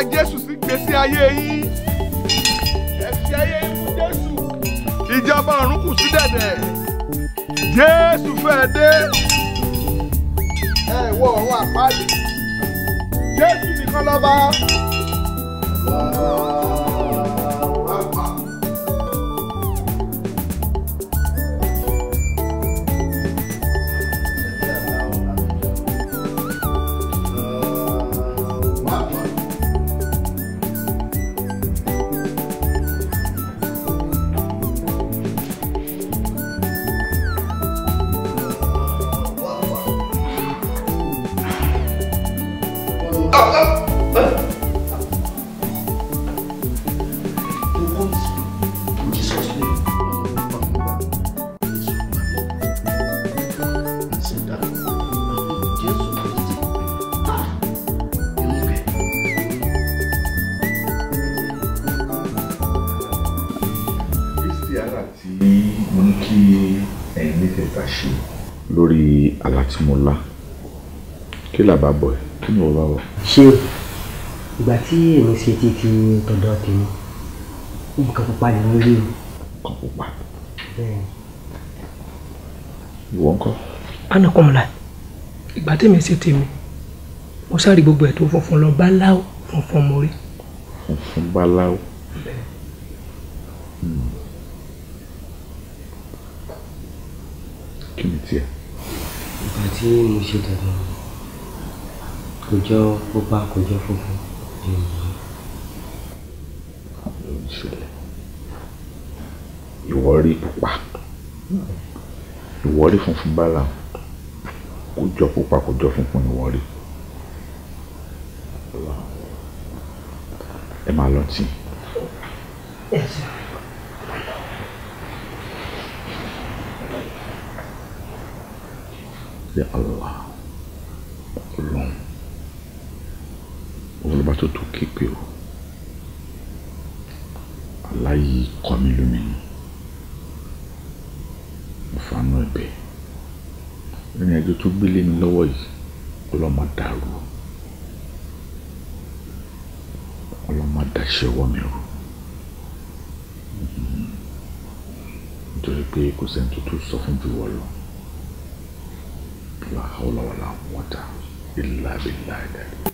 agbára Jésù sí gbèsè ayé yín ẹ̀sìn ayé yín fún Jésù ìjọba ọ̀run kù sí dẹ̀dẹ̀ Jésù fẹ́ dé ẹ wọ ọ̀run àpáàdé Jésù nìkan lọ́ba. Wow. àlá tí mo lá kí làbá bọ̀ ẹ́ kí ni wọ́n bá bọ̀. ṣé ìgbà tí èmi ṣe ti ti tọ̀dọ̀ tèmi nǹkan pupa lè mú rí o. nǹkan pupa. ìwọ ńkọ́. anakunmọ̀lá ìgbà tèmi ṣe tèmi mo sáré gbogbo ẹ̀ tó funfun lọ báláwo funfun mo rí. funfun báláwo. tí mo ṣe dàgbà kò jọ pupa kò jọ funfun ìwọ rí pupa ìwọ rí funfun bála kò jọ pupa kò jọ funfun ìwọ rí ẹ máa lọ tí. Yes, sir. Ya Allah Ọlọ́run ọlọ́ba to tó képe o aláyí kọ́ mi lómìnú mo fanú ẹ̀bẹ̀ ìrìn àjò tó gbélé mi lọ́wọ́ yìí ọlọ́mọ dàrú ọlọ́mọ dàṣẹ ọwọ́ mi rú nítorí pé kò sẹ́ni tó sọ fún ju wọ́n lọ. لا حول ولا قوة إلا بالله العظيم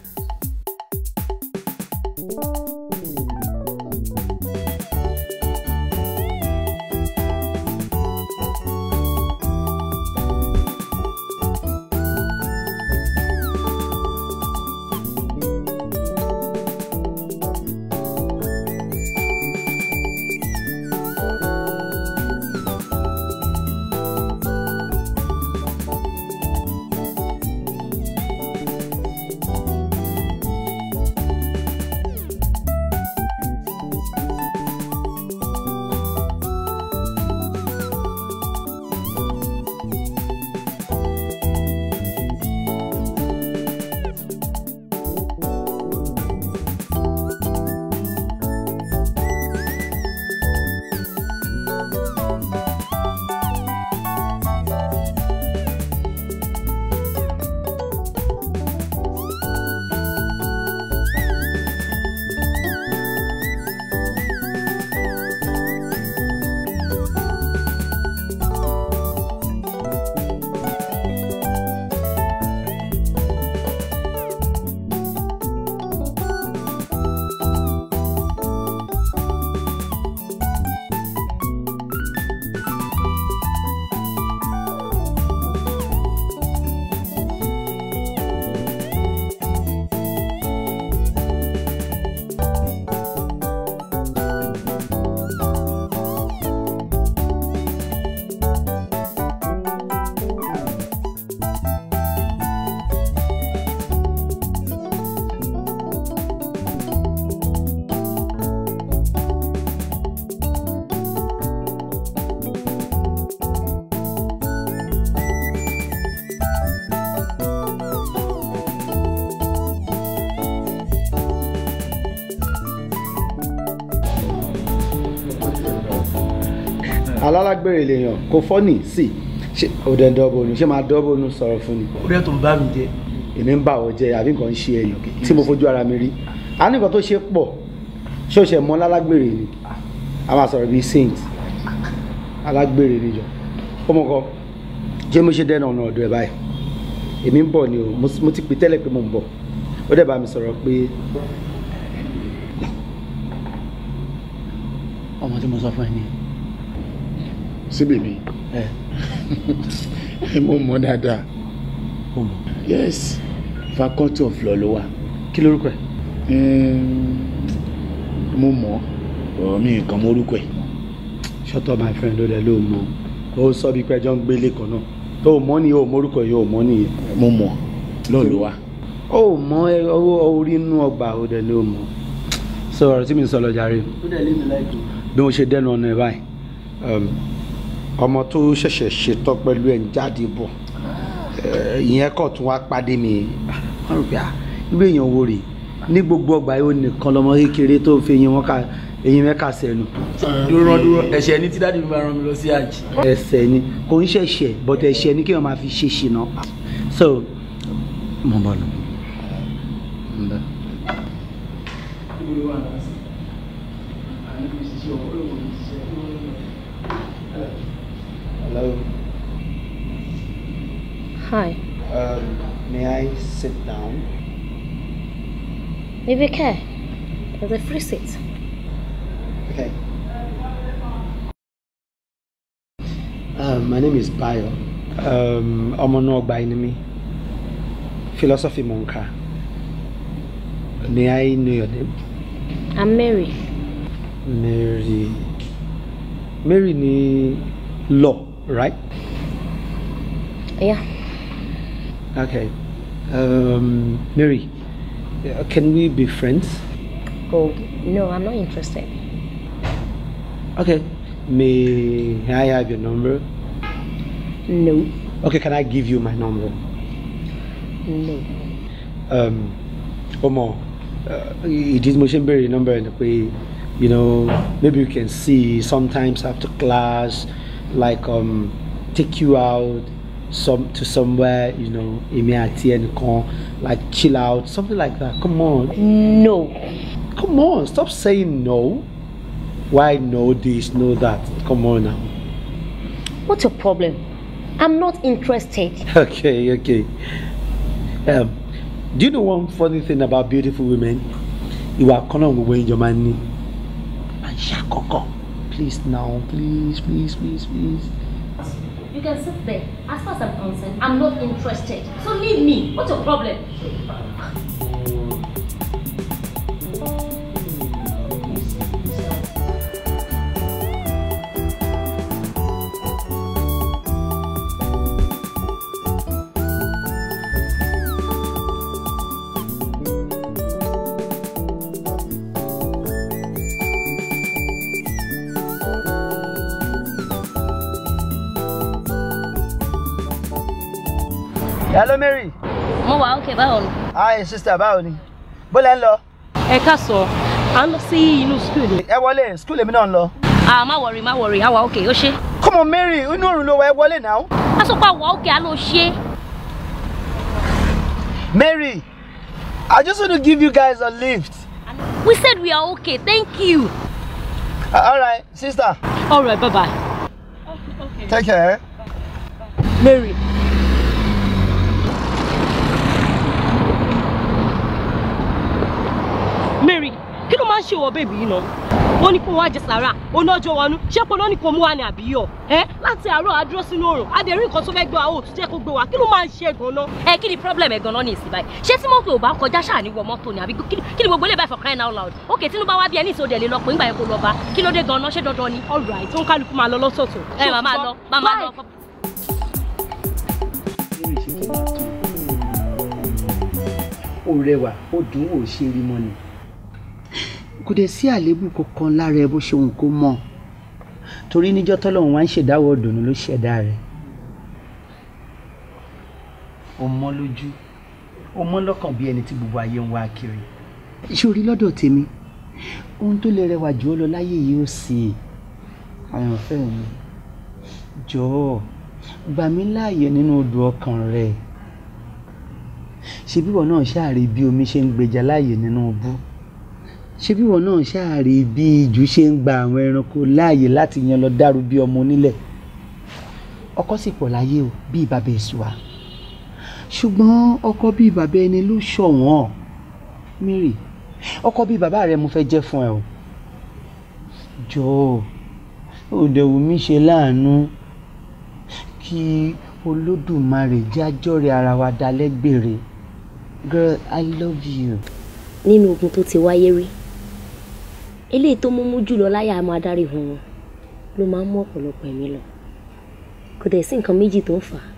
alálágbèrè lèèyàn kò fọ́nì sí ṣe òdẹ dọ́bọ̀nù ṣé máa dọ́bọ̀nù sọ̀rọ̀ fún mi. ó rẹ tó ń bá mi jẹ. èmi ń bà ọ jẹ àbí nǹkan ń ṣe ẹyàn tí mo fojú ara mi rí a ní nǹkan tó ṣe pọ̀ ṣé o ṣe mọ alálágbèrè ni a máa sọ̀rọ̀ bíi saint alágbèrè níjọ ó mọ kọ ṣé mo ṣe dẹ́nà ọ̀nà ọ̀dọ̀ ẹ̀ báyìí èmi ń bọ̀ ni o mo ti pè tẹ́lẹ̀ pé mo ń bọ̀ ó dẹ̀ bá mi sọ̀rọ̀ pé ọmọ tí mo sọ fún ẹ nìyẹn sí bèbí ẹ mo mọ̀ dáadáa yes faculty of law ló wà. kí lorúkọ ẹ. mo mọ̀ ọ́ mi nǹkan mọ orúkọ ẹ. shut up my friend ló dé ló mọ ó sọ bí pẹ́jọ́ ń gbélé kan náà tó o mọ̀ ni o mọ̀rúkọ yìí o mọ̀ nìyẹn. mo mọ̀ ló ló wà. ó mọ owó orí inú ọgbà ó dé ló mọ̀ sọ ọ̀rọ̀ tí mi sọ lọ jàre. ó dẹ̀ lé mi láìpẹ́. bí mo ṣe dẹnu ọ̀nà ẹ̀ báyìí. Um, ọmọ tó ṣẹ̀ṣẹ̀ ṣetán pẹ̀lú ẹ̀ ń jáde bọ̀ eh, ìyẹn kọ̀ tún wá pàdé mi wọ́n rò pé ah, irú èèyàn wo rèé ní gbogbo ọgbà yóò nìkan lọmọ kékeré tó fi eyín wọn ká eyín mẹ́ka sẹ́nu. dúró dúró ẹ̀ṣẹ̀ ni tí dáàdi mi máa rán mi lọ sí àjì. ẹ̀ṣẹ̀ ni kò ń ṣẹ̀ṣẹ̀ but ẹ̀ṣẹ̀ ni kí wọ́n máa fi ṣe ṣìnà. so mo bọ̀ lọ. Hi. Um, may I sit down? If you care. There's a free seat. Okay. Um, my name is Bayo. Um, I'm a ẹni mi. Philosophy mo May I know your name? I'm Mary. Mary. Mary ni law, right? Yeah. Okay. Um, Mary, uh, can we be friends? Gold, oh, no, I'm not interested. Okay. May I have your number? No. Okay, can I give you my number? No. Um, Omo, uh, it is tí number ẹ̀ we, you know maybe you can see sometimes after class like um, take you out some to somewhere, you know, like chill out, something like that. Come on. No. Come on, stop saying no. Why no this, no that? Come on now. What's your problem? I'm not interested. Okay, okay. Um, do you know one funny thing about beautiful women? You are coming when your money. And Shakoko. Please now, please, please, please, please can sit there. As far as I'm concerned, I'm not interested. So leave me. What's your problem? hello Mary. mo wà ókè báwo ni. hi ah, sister báwo ni bólẹ̀ ń lọ. ẹ ká sọ à ń lọ sí inú school. ẹ wọlé school èmi náà ń lọ. ah má wọrí má wọrí àwa ókè ó ṣe. come on Mary inú òrùn ló wà ẹ wọlé náà. a sọ pé àwa ókè á lọ ṣe. Mary, I just want to give you guys a lift. We said we are okay, thank you. Uh, all right, sister. All right, bye-bye. Okay. Take care. Bye. Bye. Mary, ṣe wọ bèbí yìí náà ó ní kó wá jẹ sàrà onájọ wọnú ṣé pé lónìí kò mú wa ní àbíyọ ẹ láti àárọ̀ àdúró sínú òrùn adẹrí nǹkan tó fẹ́ gbé wa ó tún jẹ́ kó gbé wa kí ló máa ń ṣe ganan. ẹ kí ni problem ẹ ganan ní ìsìn báyìí ṣé tí mọ́tò ò bá kọjá ṣáà ní wọ mọ́tò ni àbí kí ni gbogbo lè bá for crying out loud ok tinubu wa bí ẹni ìsòdè lè lọ pé ńgbà yẹn kó lọ bá kí ló dé ganan ṣé dandan ni all right tó ń kálukú máa lọ lọ́sọ̀tọ̀. ẹ màmá lọ màmá lọ. ó rẹwà ó dùn ó ṣe é rí mọ́ni kò dẹ̀ sí àléébù kankan lára ẹ bó ṣe òun kó mọ̀ torí níjọ́ tọ́lọ́run wá ń ṣèdáwọ́ ọ̀dùnnú ló ṣẹ̀dá rẹ̀ ó mọ́ lójú ó mọ́ lọ́kàn bí ẹni tí gbogbo ayé ń wá kiri. ìṣòrí lọ́dọ̀ tèmi ohun tó lè rẹwà jù ọ́ lọ láyé yìí ó sì àyànfẹ́ mi jọ̀ọ́ gbà mí láàyè nínú odò ọkàn rẹ̀ ṣebí wọn náà ṣáà rí bí omi ṣe ń gbèjà láàyè nínú bú. No ṣé bí wọn náà ṣáàrí bí ìjù ṣe ń gba àwọn ẹranko láàyè láti yan lọ dàrú bí ọmọ onílẹ̀ ọkọ sì pọ̀ láyé o bí bàbá èsùwà ṣùgbọ́n ọkọ bíi bàbá ẹni ló ṣọ̀wọ́n Mary ọkọ bíi bàbá rẹ mo fẹ́ jẹ́ fún ẹ o jọ̀ọ́ òdẹ̀wù mi ṣe láàánú kí olódùmarè jájọ́ rẹ ara wa dalẹ́gbèrè girl i love you. nínú ogun tó ti wáyé rí eléyìí tó múmú jùlọ láyà á máa dárí hun wọn ló máa ń mú ọ̀pọ̀lọpọ̀ ẹ̀mí lọ kò dẹ̀ sí nǹkan méjì tó ń fà á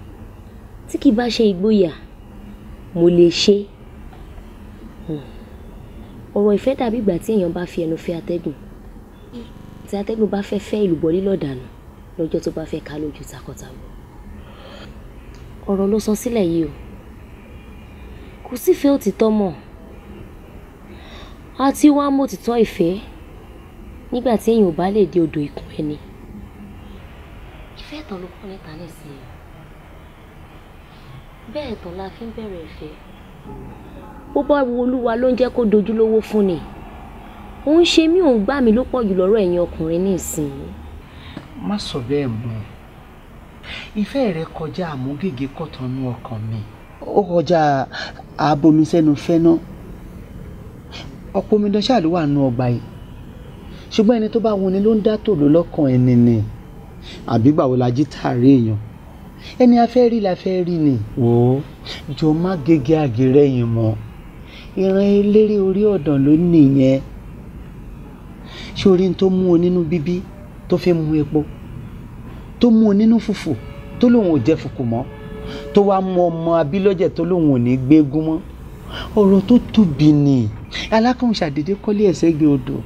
tí kì í bá ṣe ìgboyà mo lè ṣe hmm. ọ̀rọ̀ ìfẹ́ dàbí ìgbà tí èèyàn bá fi ẹnu fẹ́ atẹ́gùn tí atẹ́gùn bá fẹ́ fẹ́ ìlúbọ̀ lílọ̀ dànù lọ́jọ́ tó bá fẹ́ ká lójú takọtabo ọ̀rọ̀ ló sọ sílẹ̀ yìí o kò sífẹ́ òtítọ́ mọ́ àti wá mọ́ òtítọ́ ìfẹ́ nígbà tí èèyàn ò bá lè dé odò ikùn ẹni ìfẹ́ tán ló kọ́ níta nísìnyí bẹ́ẹ̀ tán la fi ń bẹ̀rẹ̀ ìfẹ́ ó bá wo olúwa ló ń jẹ́ kó dojúlówó fún ni ó ń ṣe mí òun gbà mí ló pọ̀ jù lọ́rọ̀ ẹ̀yin ọkùnrin nísìnyí. má sọ bẹ́ẹ̀ mọ́ ìfẹ́ rẹ kọjá àmúgègé kọ̀tànú ọkàn mi ó kọjá ààbò mi sẹ́nu fẹ́ náà ọ̀pọ̀ omidan ṣáà ló wà nù ọgbà yìí ṣùgbọ́n ẹni tó bá wọn ni ló ń dá tòló lọ́kàn ẹni ni àbí gbàwo la jí tààrí èèyàn ẹni afẹ́ rí la fẹ́ rí ni wò ó jọ má gègé àgèrè yìí mọ́ ìran eléré orí ọ̀dàn ló nìyẹn ṣorí tó mú o nínú bíbí tó fẹ́ mu epo tó mú o nínú fùfù tó lóun ò jẹ fùkù mọ́ tó wá mú ọmọ abílọ́jẹ̀ tó lóun ò ní gbégún mọ́ ọ̀rọ̀ tó tóbi ni alákùnrin ṣàdédé kọ́lé ẹ̀sẹ̀ gbé odò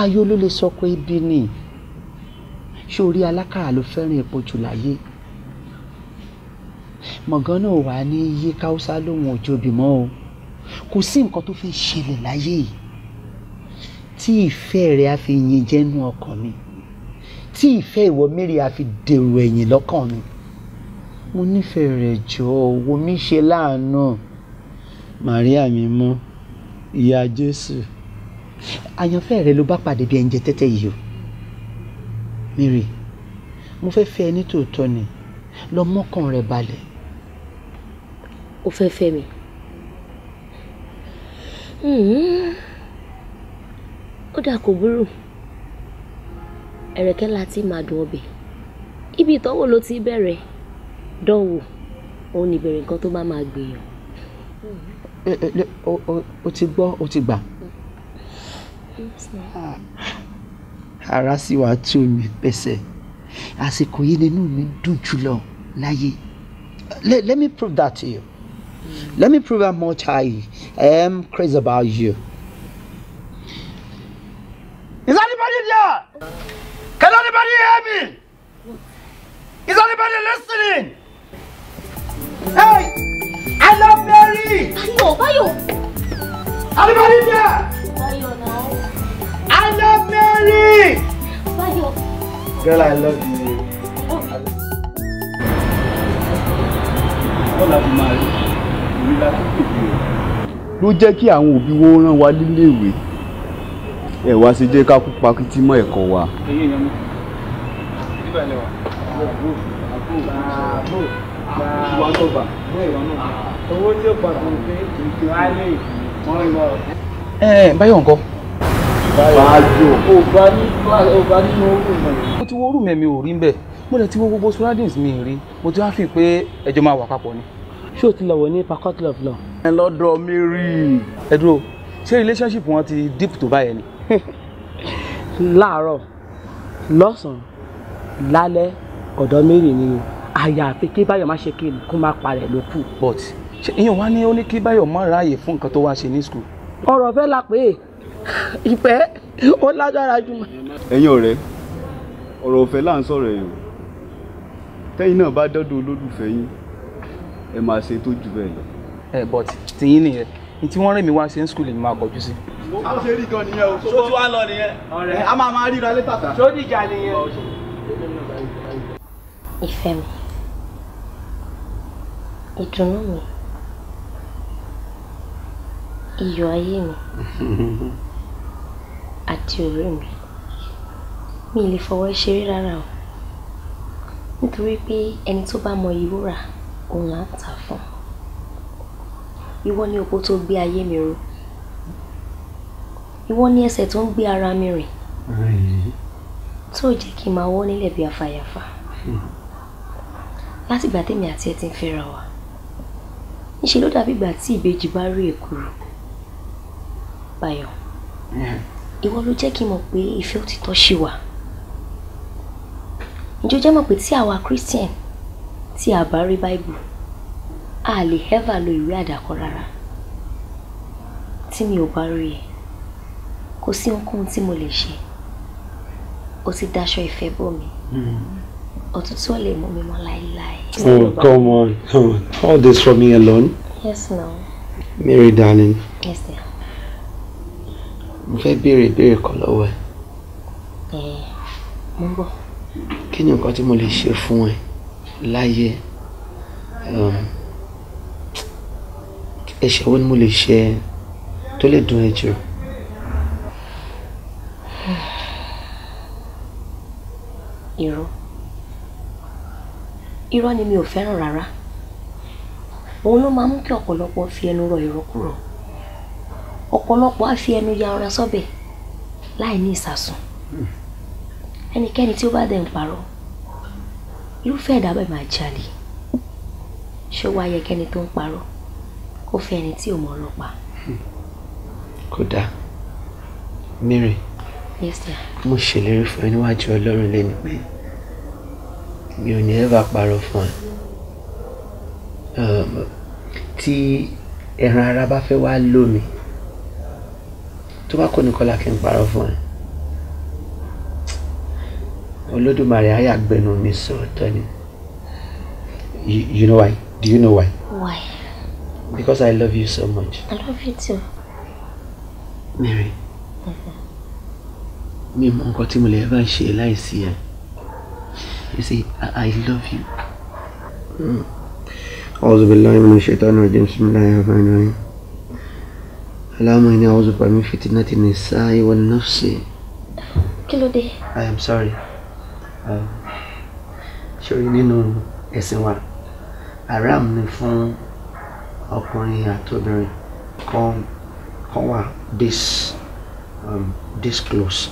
ayọ̀ ló lè sọkọ ibi ni sórí alákàrà ló fẹ́ràn epo jù láyé mọ̀gán náà wà ní yí káúsá lòun ò jobi o kò sí nǹkan tó fi ṣẹlẹ̀ láyé yìí tí ìfẹ́ rẹ̀ á fi yin jẹ́nu ọkàn mi tí ìfẹ́ ìwọ mẹ́rin á fi dèrò ẹ̀yìn lọ́kàn mi mo nífẹ̀ẹ́ rẹ̀ jọ wo mi ṣe láàánú Màríà mi mọ́ ìyá Jésù àyànfẹ́ rẹ ló bá pàdé bí ẹnjẹ tẹ́tẹ́ yìí o Mary mo fẹ́ fẹ́ ẹ ní tòótọ́ ni lọ mọ́kàn rẹ balẹ̀. o fẹ́ fẹ́ mi. Hmm. ó dà kó burú ẹ̀rẹ̀kẹ́ láti máa dùn ọbẹ̀ ibi ìtọ́wò ló ti bẹ̀rẹ̀ dánwò òun ìbẹ̀rẹ̀ nǹkan tó bá máa gbìyàn. o ti gbọ́ o ti gbà. Ah. ara sì wá tú mi pẹ̀sẹ̀ àsìkò yìí nínú mi dùn jùlọ láyé let, let me prove that to you mm. let me prove how much I I am crazy about you. Is anybody there? Can anybody hear me? Is anybody listening? Hey! I love Mary! Báyọ̀, Báyọ̀! Anybody there? I love Mary! Girl, I love you. Bọ́lá ti máa rí ìwé láti pèpè rẹ̀. Ló jẹ́ kí àwọn òbí wo rán wa níléèwé. Ẹ wá sí jẹ́ ká kú pakítí mọ́ ẹ̀kọ́ wa. owó tí ó pàtàkì pé ìjọ á lè mọ́ ìwà ọ̀hún. Eh, eh, báyọ̀ ńkọ́. báyọ̀ ò bá ní ò bá nínú orú mi. mo ti wo orú mi mi ò rí bẹ́ẹ̀ mo lè ti wo gbogbo surroundings mi rí mo ti wá fi pé ẹjọ́ máa wà papọ̀ ni. ṣé o ti lọ wọ ní pacot love lọ. ẹ lọ́dọ̀ mi rí i. ẹ dúró ṣé relationship wọn ti deep tó báyẹn ni. láàárọ̀ lọ́sàn-án lálẹ́ ọ̀dọ̀ mary ni àyà àfi kí báyọ̀ má ṣe kí kó má parẹ̀ ló kù. but ṣé ìyẹn wá ní ó ní kí báyọ̀ má ráàyè fún nǹkan tó wá ṣe ní school ọ̀rọ̀ fẹ́ la pé ìfẹ́ ó lágbára jù. ẹ̀yin ọ̀rẹ́ ọ̀rọ̀ ọ̀fẹ́ là ń sọ̀rọ̀ ẹ̀yìn tẹ́yìn náà bá dọ́dọ̀ olólùfẹ́ yín ẹ máa ṣe tó jù bẹ́ẹ̀ lọ. ẹ but tìyín nìyẹn ní tí wọ́n rìn mí wá ṣe ń skul èmi máa kọjú sí. ó ṣe rí gan nìyẹn o. sójú wa lọ nìyẹn. ọ̀rẹ́ a máa máa ríra létà tà. sójú ìjà nìyẹn. ìfẹ́ mi ìdùnnú mi iyọ̀ ayé mi àti ọ̀rẹ́ mi mi lè fọwọ́ ṣeré rárá o nítorí pé ẹni tó bá mọ ìwúrà òun là ń tà fún ìwọ ni òpó tó gbé ayé mi ró ìwọ ni ẹsẹ̀ tó ń gbé ara mi rìn tó jẹ́ kí n máa wọ́ nílẹ̀ bí afàyàfà látìgbà tèmi àti ẹ ti ń fẹ́ra wa níṣẹ́ ló dàbí ìgbà tí ìbejì bá rí èkúrò. Báyọ̀ mm. ìwọ ló jẹ́ kí n mọ̀ pé ìfẹ́ òtítọ́ ṣì wà ǹjọ́ jẹ́ mọ̀ pé tí àwa Christian tí a bá rí Bible a lè ever lo ìwé àdàkọ rárá tí mi ò bá rí ẹ kò sí ohunkóhun tí mo lè ṣe o ti daṣọ ìfẹ́ bò mí òtútù mm. ò mú mi mọ́ láéláé. oh come on come on all this for me alone. yes ma'am. Mary darling. yes dear mo fẹ́ béèrè ìbéèrè kan lọ́wọ́ ẹ. ẹ mo ń bọ̀. kí ni nǹkan tí mo lè ṣe fún ẹ láyé ẹ̀ṣẹ̀ wo ni mo lè ṣe tó lè dùn ẹ́ jù. irọ́ irọ́ ni mi ò fẹ́ràn rárá òun ló máa mú kí ọ̀pọ̀lọpọ̀ fi ẹnu rọ ìrọ́kúrọ̀ ọ̀pọ̀lọpọ̀ á fi ẹnu ya ọ̀rá sọ́bẹ̀ láì ní ìsàsùn hmm. ẹnikẹ́ni tí ó bá dẹ̀ ń parọ́ irúfẹ́ ẹ̀dá bẹ́ẹ̀ máa jalè ṣé wàá yẹ kẹ́ni tó ń parọ́ kó fẹ́ ẹni tí ò mọ̀ ọlọ́pàá. Hmm. kódà Mary mo ṣèlérí fún ẹ níwájú Ọlọ́run lẹ́nu pé mi ò ní ẹ́fà parọ́ fún ẹ tí ẹran ara bá fẹ́ wá lómi tó bá kò ní kọ́lá kí n parọ́ fún ẹ olódùmarè ayé àgbẹnu mi sọ̀tọ̀ ni you know why do you know why. why. because i love you so much. i love you too. Mary mm-hmm. mi mọ nǹkan tí mo lè bá ṣe láìsí ẹ you see i, I love you. أعوذ بالله من الشيطان الرجيم بسم الله الرحمن الرحيم اللهم إني أعوذ بك من فتنة النساء والنفس kí ló I am sorry ṣòrí nínú ẹ̀sìn wa haram ni fún ọkùnrin àtobìnrin kan kan wà this um, this close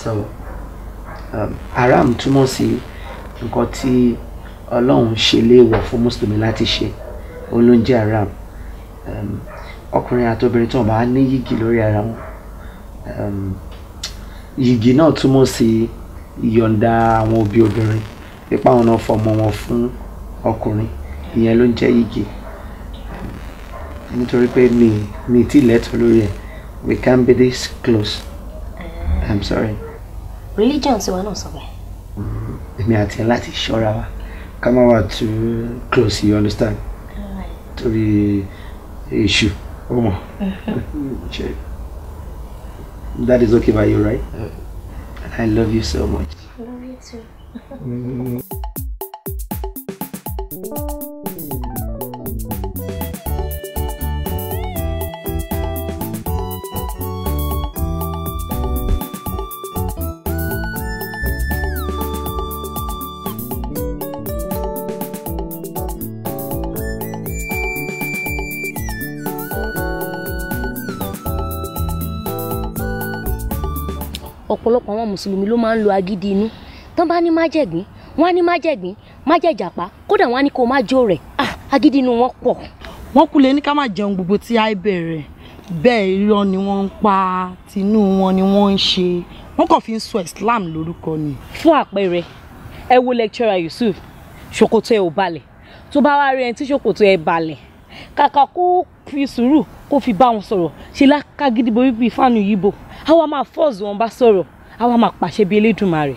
so um, haram túmọ̀ sí nǹkan tí ọlọ́run ṣe léèwọ̀ fún mùsùlùmí láti ṣe òun ló ń jẹ́ haram. Um, ọkùnrin àti obìnrin tí wọ́n ní yìgì lórí ara wọn yìgì náà túmọ̀ sí ìyọ̀ǹda àwọn òbí obìnrin nípa àwọn náà fọmọ wọn fún ọkùnrin ìyẹn ló ń jẹ́ yìgì nítorí pé mi mi ti lẹ́tọ̀ lórí ẹ̀ we can't be this close mm. i'm sorry. religion tiwa náà sọ bẹ́ẹ̀. Mm-hmm. èmi àti ẹ láti ṣọ́ra wa ká má wà too close you understand torí èṣù. Right. Omo. Check. That is okay by you, right? Uh-huh. I love you so much. I love you too. ọ̀pọ̀lọpọ̀ àwọn mùsùlùmí ló máa ń lo agídí inú tán bá ní májẹ̀gbín wọ́n á ní májẹ̀gbín májẹ̀jàpá kódà wọ́n á ní kó má jó rẹ̀ ah agídí inú wọn pọ̀. wọ́n kulẹ̀ ní ká má jẹun gbogbo tí a bẹ̀rẹ̀ bẹ́ẹ̀ irọ́ ni wọ́n ń pa tinú wọn ni wọ́n ń ṣe wọ́n kàn fi ń sọ Islam lórúkọ ni. fún àpẹẹrẹ ẹ wo lecturer Yusuf ṣòkòtò ẹ ò balẹ̀ tó bá wá rí ẹni tí ṣòkòtò ẹ balẹ̀ kàkà kó fi sùúrù kó fi bá wọn sọ̀rọ̀ ṣe lákàgídí borí fáànù yìí bò àwa máa force wọn bá sọ̀rọ̀ àwa máa pàṣẹ bí elédùnmarè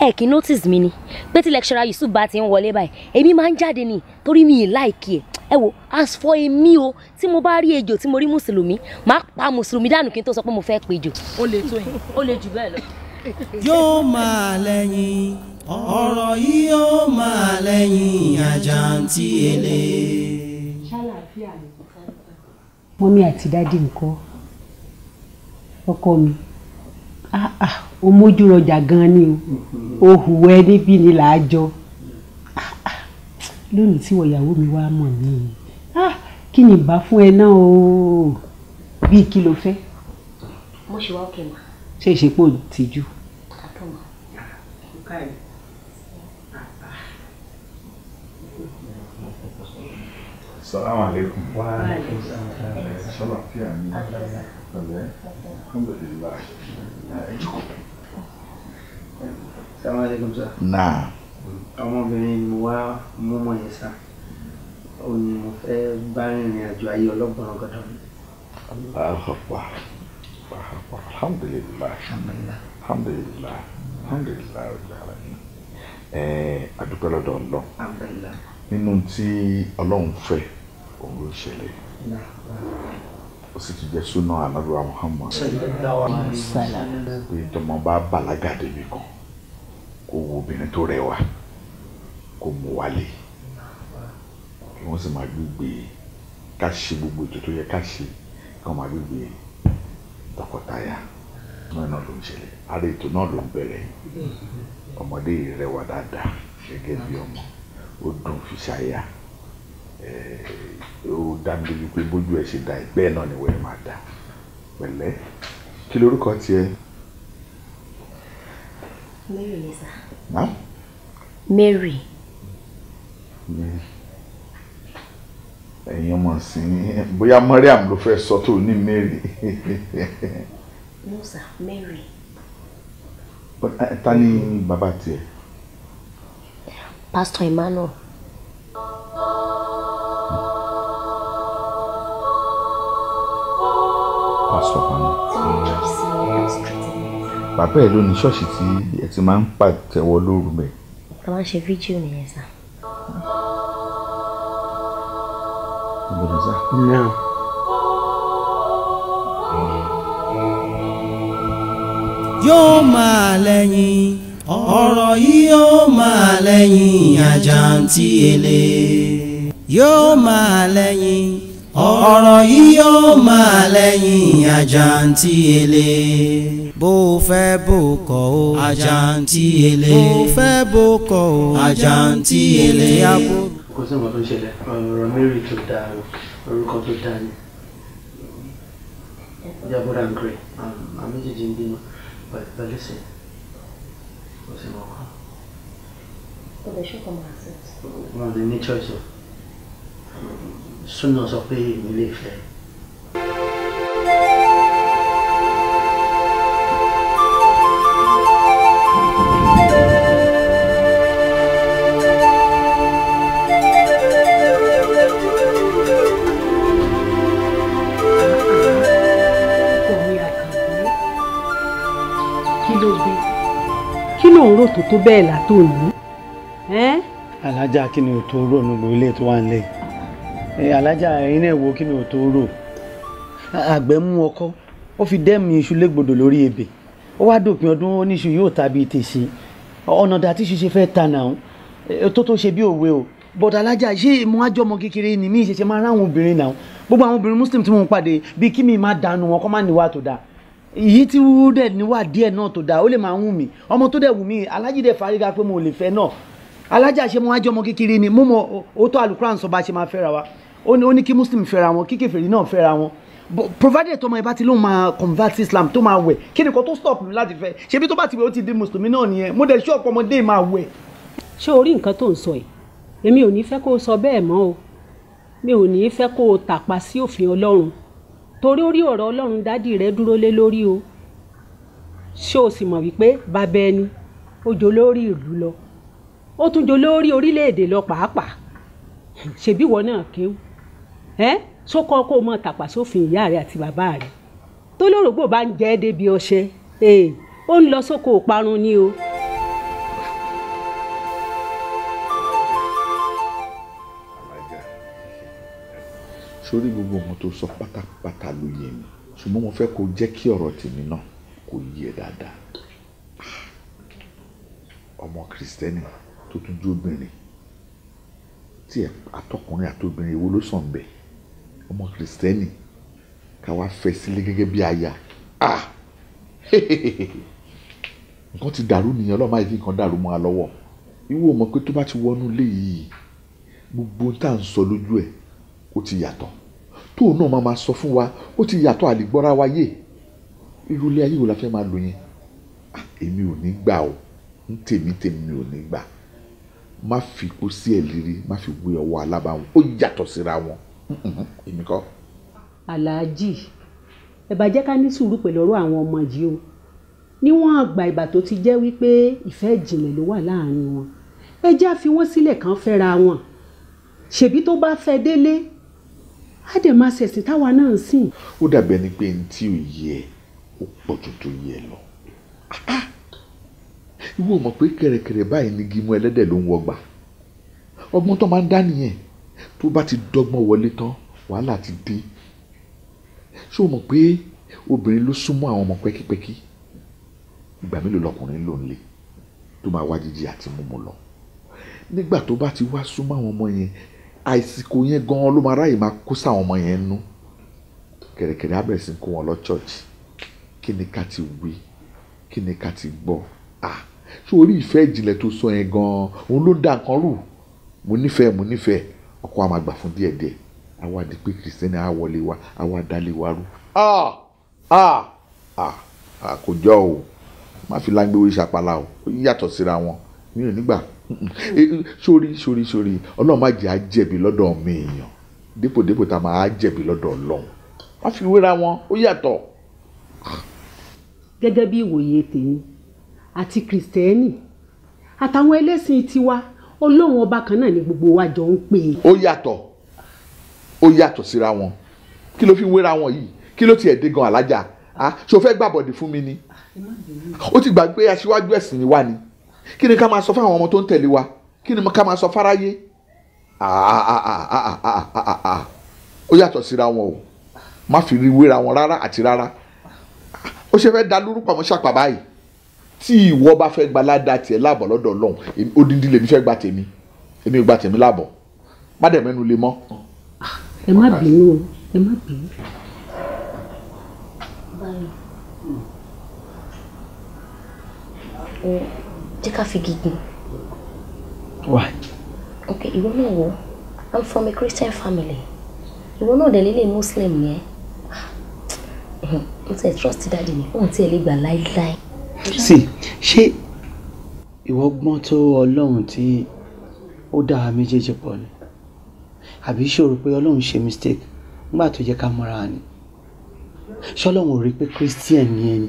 ẹ kì í notice mi ni pé tí lecturer Yusuf bá ti ń wọlé báyìí èmi máa ń jáde ni torí mi ì láìkí ẹ ẹ wo as for èmi o tí mo bá rí ejò tí mo rí mùsùlùmí máa pa mùsùlùmí dànù kí n tó sọ pé mo fẹ́ pejò. ó lè tó yìí ó lè jù bẹ́ẹ̀ lọ. yóò máa lẹ́yìn ọ̀rọ̀ yìí yóò máa lẹ́yìn àjàǹtí ele. ṣálàáfíà ni. mọ́mí àti dádì nǹkan ọkọ mi ó ah, ah, mójú rọjà gan ni o ó hùwẹ́ níbí ni làájọ ah, lónìí tí ìyàwó mi wá mọ̀ mí kí ni bá fún ẹ náà o bíi kí lo fẹ́. mo ṣe wá òkè mà. ṣé ìṣepò tìjú. àtọ̀mọ̀ salamu alaikum wa alaikum salam ṣọlá fíà mi Salaamaaleykum sir. Naa. Ọmọbìnrin ni wá mọ́mọ́ yẹn sá. Ó ní mo fẹ́ bá rìnrìn àjò ayé ọlọ́gbọ̀n ọ̀gọ́dọ̀ mi. Akbar. Allahu Akbar. Alhamdulillah. Alhamdulillah. Alhamdulillah. Alhamdulillah. Ẹ̀ẹ́ adúpẹ́ lọ́dọ̀ ọ̀lọ́. Alhamdulillah. Nínú tí Ọlọ́run fẹ́, òun ló ṣẹlẹ̀. Náà òsìtìjẹ súná anabiwa muhammad pé tọmọba bàlágà débi kan kó wo obìnrin tó rẹwà kó mú wálé kí wọ́n sì máa gbígbé ká ṣe gbogbo ètò tó yẹ ká ṣe kí wọ́n máa gbígbé tọkọtaya náà náà ló ń ṣẹlẹ̀ ara ètò náà ló ń bẹ̀rẹ̀ ọmọdé rẹwà dáadáa gẹ́gẹ́ bí ọmọ ó dùn fi ṣàyà. Eh, ó dá mi lójú pé bójú ẹ ṣe da ẹ bẹ́ẹ̀ náà ni wọ́n ẹ máa dà pẹ̀lẹ́ kí lorúkọ tiẹ̀. Mary ni sà. na. Mary. Mary ẹ̀yin ọmọ sìn bóyá Mariam ló fẹ́ sọ tó ní Mary. musa Mary. ta ni bàbá tiẹ̀. Pastor Emmanuel. Pastor, kan náà eh, bàbá ẹ̀ ló ní ṣọ́ọ̀ṣì tí ẹ ti máa ń pàtẹ́wọ́ lóru bẹ̀. a máa ń ṣe fídíò nìyẹn sá. ọgbọ̀dọ̀ sá. yóò máa lẹ́yìn ọ̀rọ̀ yìí yóò máa lẹ́yìn àjàǹtí ele yóò máa lẹ́yìn ọ̀rọ̀ yìí yóò máa lẹ́yìn àjàǹtí ele bó o fẹ́ bó o kọ̀ o àjàǹtí ele bó o fẹ́ bó o kọ̀ o àjàǹtí ele. kò sí nǹkan tó ń ṣẹlẹ̀ ọ̀rọ̀ mary tó dáa orúkọ tó dáa ni jagoda and grey àmì jíjìn bímọ pẹ̀lú sẹ́yìn. What's the matter? Kò lè ṣe kò máa ṣe. Wọ́n lè ní choice o. Súnà sọ tó bẹ́ẹ̀ látòní. alájà kí ni òtó rò nígbò ilé tó wà nílẹ̀ alájà ẹ̀yin náà wo kí ni òtó rò àgbẹ̀ mú ọkọ ó fi dẹ́mi iṣu légbodò lórí ebè ó wá dòpin ọdún oníṣu yóò tàbí tèṣe ọ̀nà dàtí ṣiṣẹ́ fẹ́ ta nàá tó tó ṣe bí òwe o bọ̀dà alájà ṣé mo á jọ ọmọ kékeré ni mí ṣẹ̀ṣẹ̀ máa ráwọn obìnrin náà gbogbo àwọn obìnrin muslim tí mo ń pàdé bíi kí mi máa dànù wọn kọ́ máa níwà tó dáa èyí tí wúwú dẹ̀ níwà díẹ̀ náà tó dáa ó lè máa ń wù mí ọmọ tó dẹ̀ wù mí alájí dẹ̀ fárígá pé mo lè fẹ́ náà alájà ṣe mo wá jẹ́ ọmọ kékeré ni mo mọ òótọ́ alukuran sọ bá ṣe máa fẹ́ra wa ó ní kí muslim fẹ́ra wọn kí kèfèrí náà fẹ́ra wọn provided tọmọ ẹ bá ti lóun máa convert islam tó máa wẹ̀ kí nìkan tó stop mi láti fẹ́ ṣebí tó bá ti wẹ̀ ó ti di mùsùlùmí náà nìyẹn mo dẹ̀ ṣọ́ ọ̀pọ̀ ọmọdé máa wẹ̀. ṣé o rí nǹkan tó ń sọ yìí èmi ò ní fẹ́ kó o sọ bẹ́ẹ̀ mọ́ o mi ò ní fẹ́ kó o tàpá sí òfin ọlọ́run torí orí ọ̀rọ̀ ọlọ́run dádì rẹ dúró lé lórí o ṣé o sì mọ̀ wípé bàbá ẹni ó jọ lórí ìlú lọ ó tún jọ lórí orílẹ̀-èdè lọ pàápàá ṣebí ìwọ náà kéwù ẹ́ sókọ kó o mọ tàpá sófin ìyá rẹ àti bàbá rẹ tó lórògbò bá ń jẹ́ débi ọṣẹ ó ń lọ sóko òparun ni o. sórí gbogbo nǹkan tó sọ pátápátá ló yé mi ṣùgbọ́n mo fẹ́ kó jẹ́ kí ọ̀rọ̀ tèmi náà kó yé dáadáa ọmọ kìrìsìtẹ́nì tó tún jó obìnrin tí àtọkùnrin àtobìnrin èwo ló sàn bẹ́ẹ̀ ọmọ kìrìsìtẹ́nì ká wá fẹ́ sílé gẹ́gẹ́ bí aya ah nǹkan ti dàrú nìyẹn ọlọ́run máa yí nǹkan dàrú mọ́ a lọ́wọ́ ìwọ mọ̀ pé tó bá ti wọnú ilé yìí gbogbo tá à ń sọ lójú ẹ̀ ó ti yàtọ̀ tóun náà máa máa sọ fún wa ó ti yàtọ̀ àlìgbọ́ra wa yé irúlé ayé wo la fẹ́ máa lò yẹn èmi ò ní gbà o ń tèmi tèmi mi ò ní gbà má fi kó sí ẹ̀ lírí má fi wé ọwọ́ alábàáwọn ó yàtọ̀ síra wọn èmi kọ́. aláàjì ẹ bá jẹ́ ká ní sùúrù pẹ̀lú ọ̀rọ̀ àwọn ọmọ yìí o níwọ̀n àgbà ìgbà tó ti jẹ́ wípé ìfẹ́ ìjìnlẹ̀ ló wà láàrin wọn ẹ já fi wọ́n sílẹ̀ kàn fẹ́ra wọn ṣèbí tó bá fẹ́ délé á dẹ̀ máa ṣẹ̀sìn táwa náà ń sìn. ó dàbẹ̀ ni pé ntí ò yẹ ó pọ̀ tó tó yẹ lọ. Ah, ah. ìwọ mọ̀ pé kẹ̀rẹ̀kẹ̀rẹ̀ báyìí ni gímú ẹlẹ́dẹ̀ ló ń wọgbà ọgbọ́n tó máa ń dá nìyẹn tó bá ti dọ́gbọ́n wọlé tán wàhálà ti dé ṣé o mọ̀ pé obìnrin ló súnmọ́ àwọn ọmọ pẹ́kípẹ́kí ìgbà mélòó lọkùnrin ló ń lé tó máa wá jíjí àti mímu lọ nígbà tó bá ti wá súnmọ́ àwọn ọmọ yẹn àìsìkò yẹn gan-an ló máa ráyè máa kó sáwọn ọmọ yẹn nú kẹ̀rẹ̀kẹ̀rẹ̀ abẹ́rẹ́ sí kó wọn lọ chọ́ọ̀chì kí ni ká ti wí kí ni ká ti gbọ́ à ṣé orí ìfẹ́ ìjìnlẹ̀ tó sọ yẹn gan òun ló dá nǹkan rù mo nífẹ̀ẹ́ mo nífẹ̀ẹ́ ọkọ àmà gbà fún díẹ̀díẹ̀ àwa di pé kìrìsìtẹ́nì á wọlé wa àwa dalé wa rú ah ah ah kò jọ o má fi láńgbé orí ṣàpàlà o yàtọ̀ síra wọn mi ò nígbà sórí sórí sórí ọlọ́run má jẹ́ àjẹ̀bi lọ́dọ̀ mi èèyàn dípò dípò tá a máa jẹ̀bi lọ́dọ̀ ọlọ́run wọ́n fi wéra wọn ó yàtọ̀. gẹ́gẹ́ bí ìwòye tèmi àti kìrìsìtẹ́nì àtàwọn ẹlẹ́sìn tiwa ọlọ́run ọba kan náà ni gbogbo wa jọ ń pè é. ó yàtọ̀ ó yàtọ̀ síra wọn kí ló fi wéra wọn yìí kí ló tiẹ̀ dé gan alájà ah, ṣó fẹ́ gbàbọ̀dì fún mi ni ah, ó ti gbàgbé aṣíwájú ẹ̀sìn ni wá ni kí ni ká máa sọ fún àwọn ọmọ tó ń tẹ̀lé wa kí ni ká máa sọ fáráyé ó yàtọ̀ síra wọn o má fi rí wéra wọn rárá àti rárá ó ṣe fẹ́ da lórúkọ àwọn ṣàpàbá yìí tí ìwọ bá fẹ́ gba ládà tiẹ̀ láàbọ̀ lọ́dọ̀ Ọlọ́run odindi lèmi fẹ́ gba tèmi èmi gba tèmi láàbọ̀ má dẹ̀ mẹ́nu lé mọ́. ẹ má bínú o ẹ má bínú. báyìí jẹ́ ká fi gígùn. why. Okay, ìwọ náà wọ i'm from a christian family ìwọ náà dẹ̀ lélẹ̀ muslim yẹn n tẹ trust daddy ni òun tiẹ̀ lè gbà láíláí. sí ṣé ìwọ gbọ́n tó ọlọ́run tí ó dá a méjèèjì pọ̀ ni àbí ṣòro pé ọlọ́run ṣe mistake nígbà tó jẹ́ ká mọ́ra ni ṣọlọ́run ò rí pé christian ni ẹni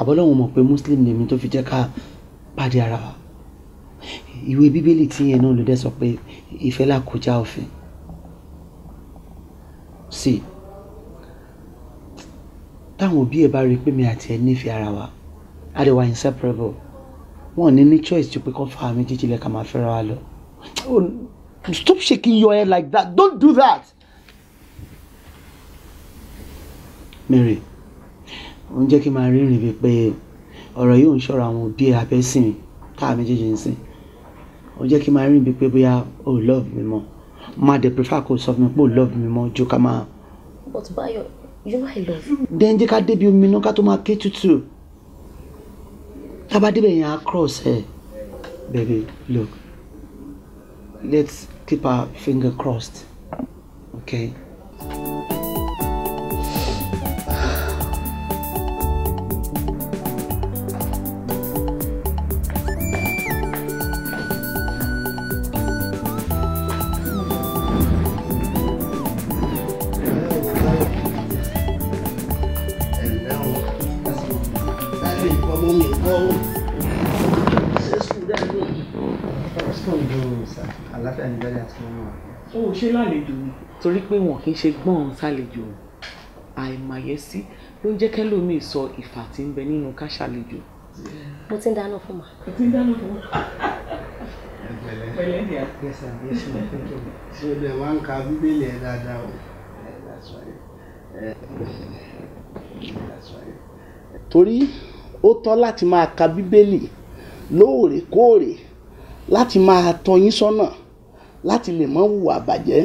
àbọ́lọ́run mọ̀ pé muslim ni èmi tó fi jẹ́ ká pàdé ara wa ìwé bíbélì tí yẹn náà ló dé sọ pé ìfẹ́ là òfin sí táwọn òbí ẹ bá rí i pé mi àti ẹ nífẹ̀ẹ́ ara wa a lè inseparable wọn ní ní choice ju pé kó fa àmì jíjí lẹ́ka máa fẹ́ra wa lọ. Oh, stop shaking your head like that don't do that. Mary, ó ń jẹ́ kí n máa rí ìrìn bíi pé ọ̀rọ̀ yìí ò ń ṣọ̀rọ̀ àwọn òbí ẹ̀ abẹ́sìn tá a méjèèjì ń sìn ó jẹ́ kí n máa rí ibi pé bóyá o love mi mọ́ máa dẹ̀ prefer kó sọ fún mi pé o love mi mọ́ ju ká máa. but Bayo you my love. then jẹ́ ká débi omi iná ká tó máa ké tútù tá a bá débẹ̀ yẹn á cross ẹ̀ baby look let's keep our fingers crossed okay. torí pé wọn kì í ṣe gbọ́n ṣàlejò àìmàyẹ́sí ló ń jẹ́ kẹ́lòmíì sọ ìfà tí ń bẹ nínú ká ṣàlejò. mo ti ń dáná fún ma. mo ti ń dáná fún ma. pẹ̀lẹ́ ni a. yẹsà yẹsà ṣé o lè máa ń ka bíbélì ẹ dáadáa o. Eh, torí ó tọ́ láti máa ka bíbélì lóòrèkóòrè láti máa tọ́ sọ́nà láti lè má hùwà bàjẹ́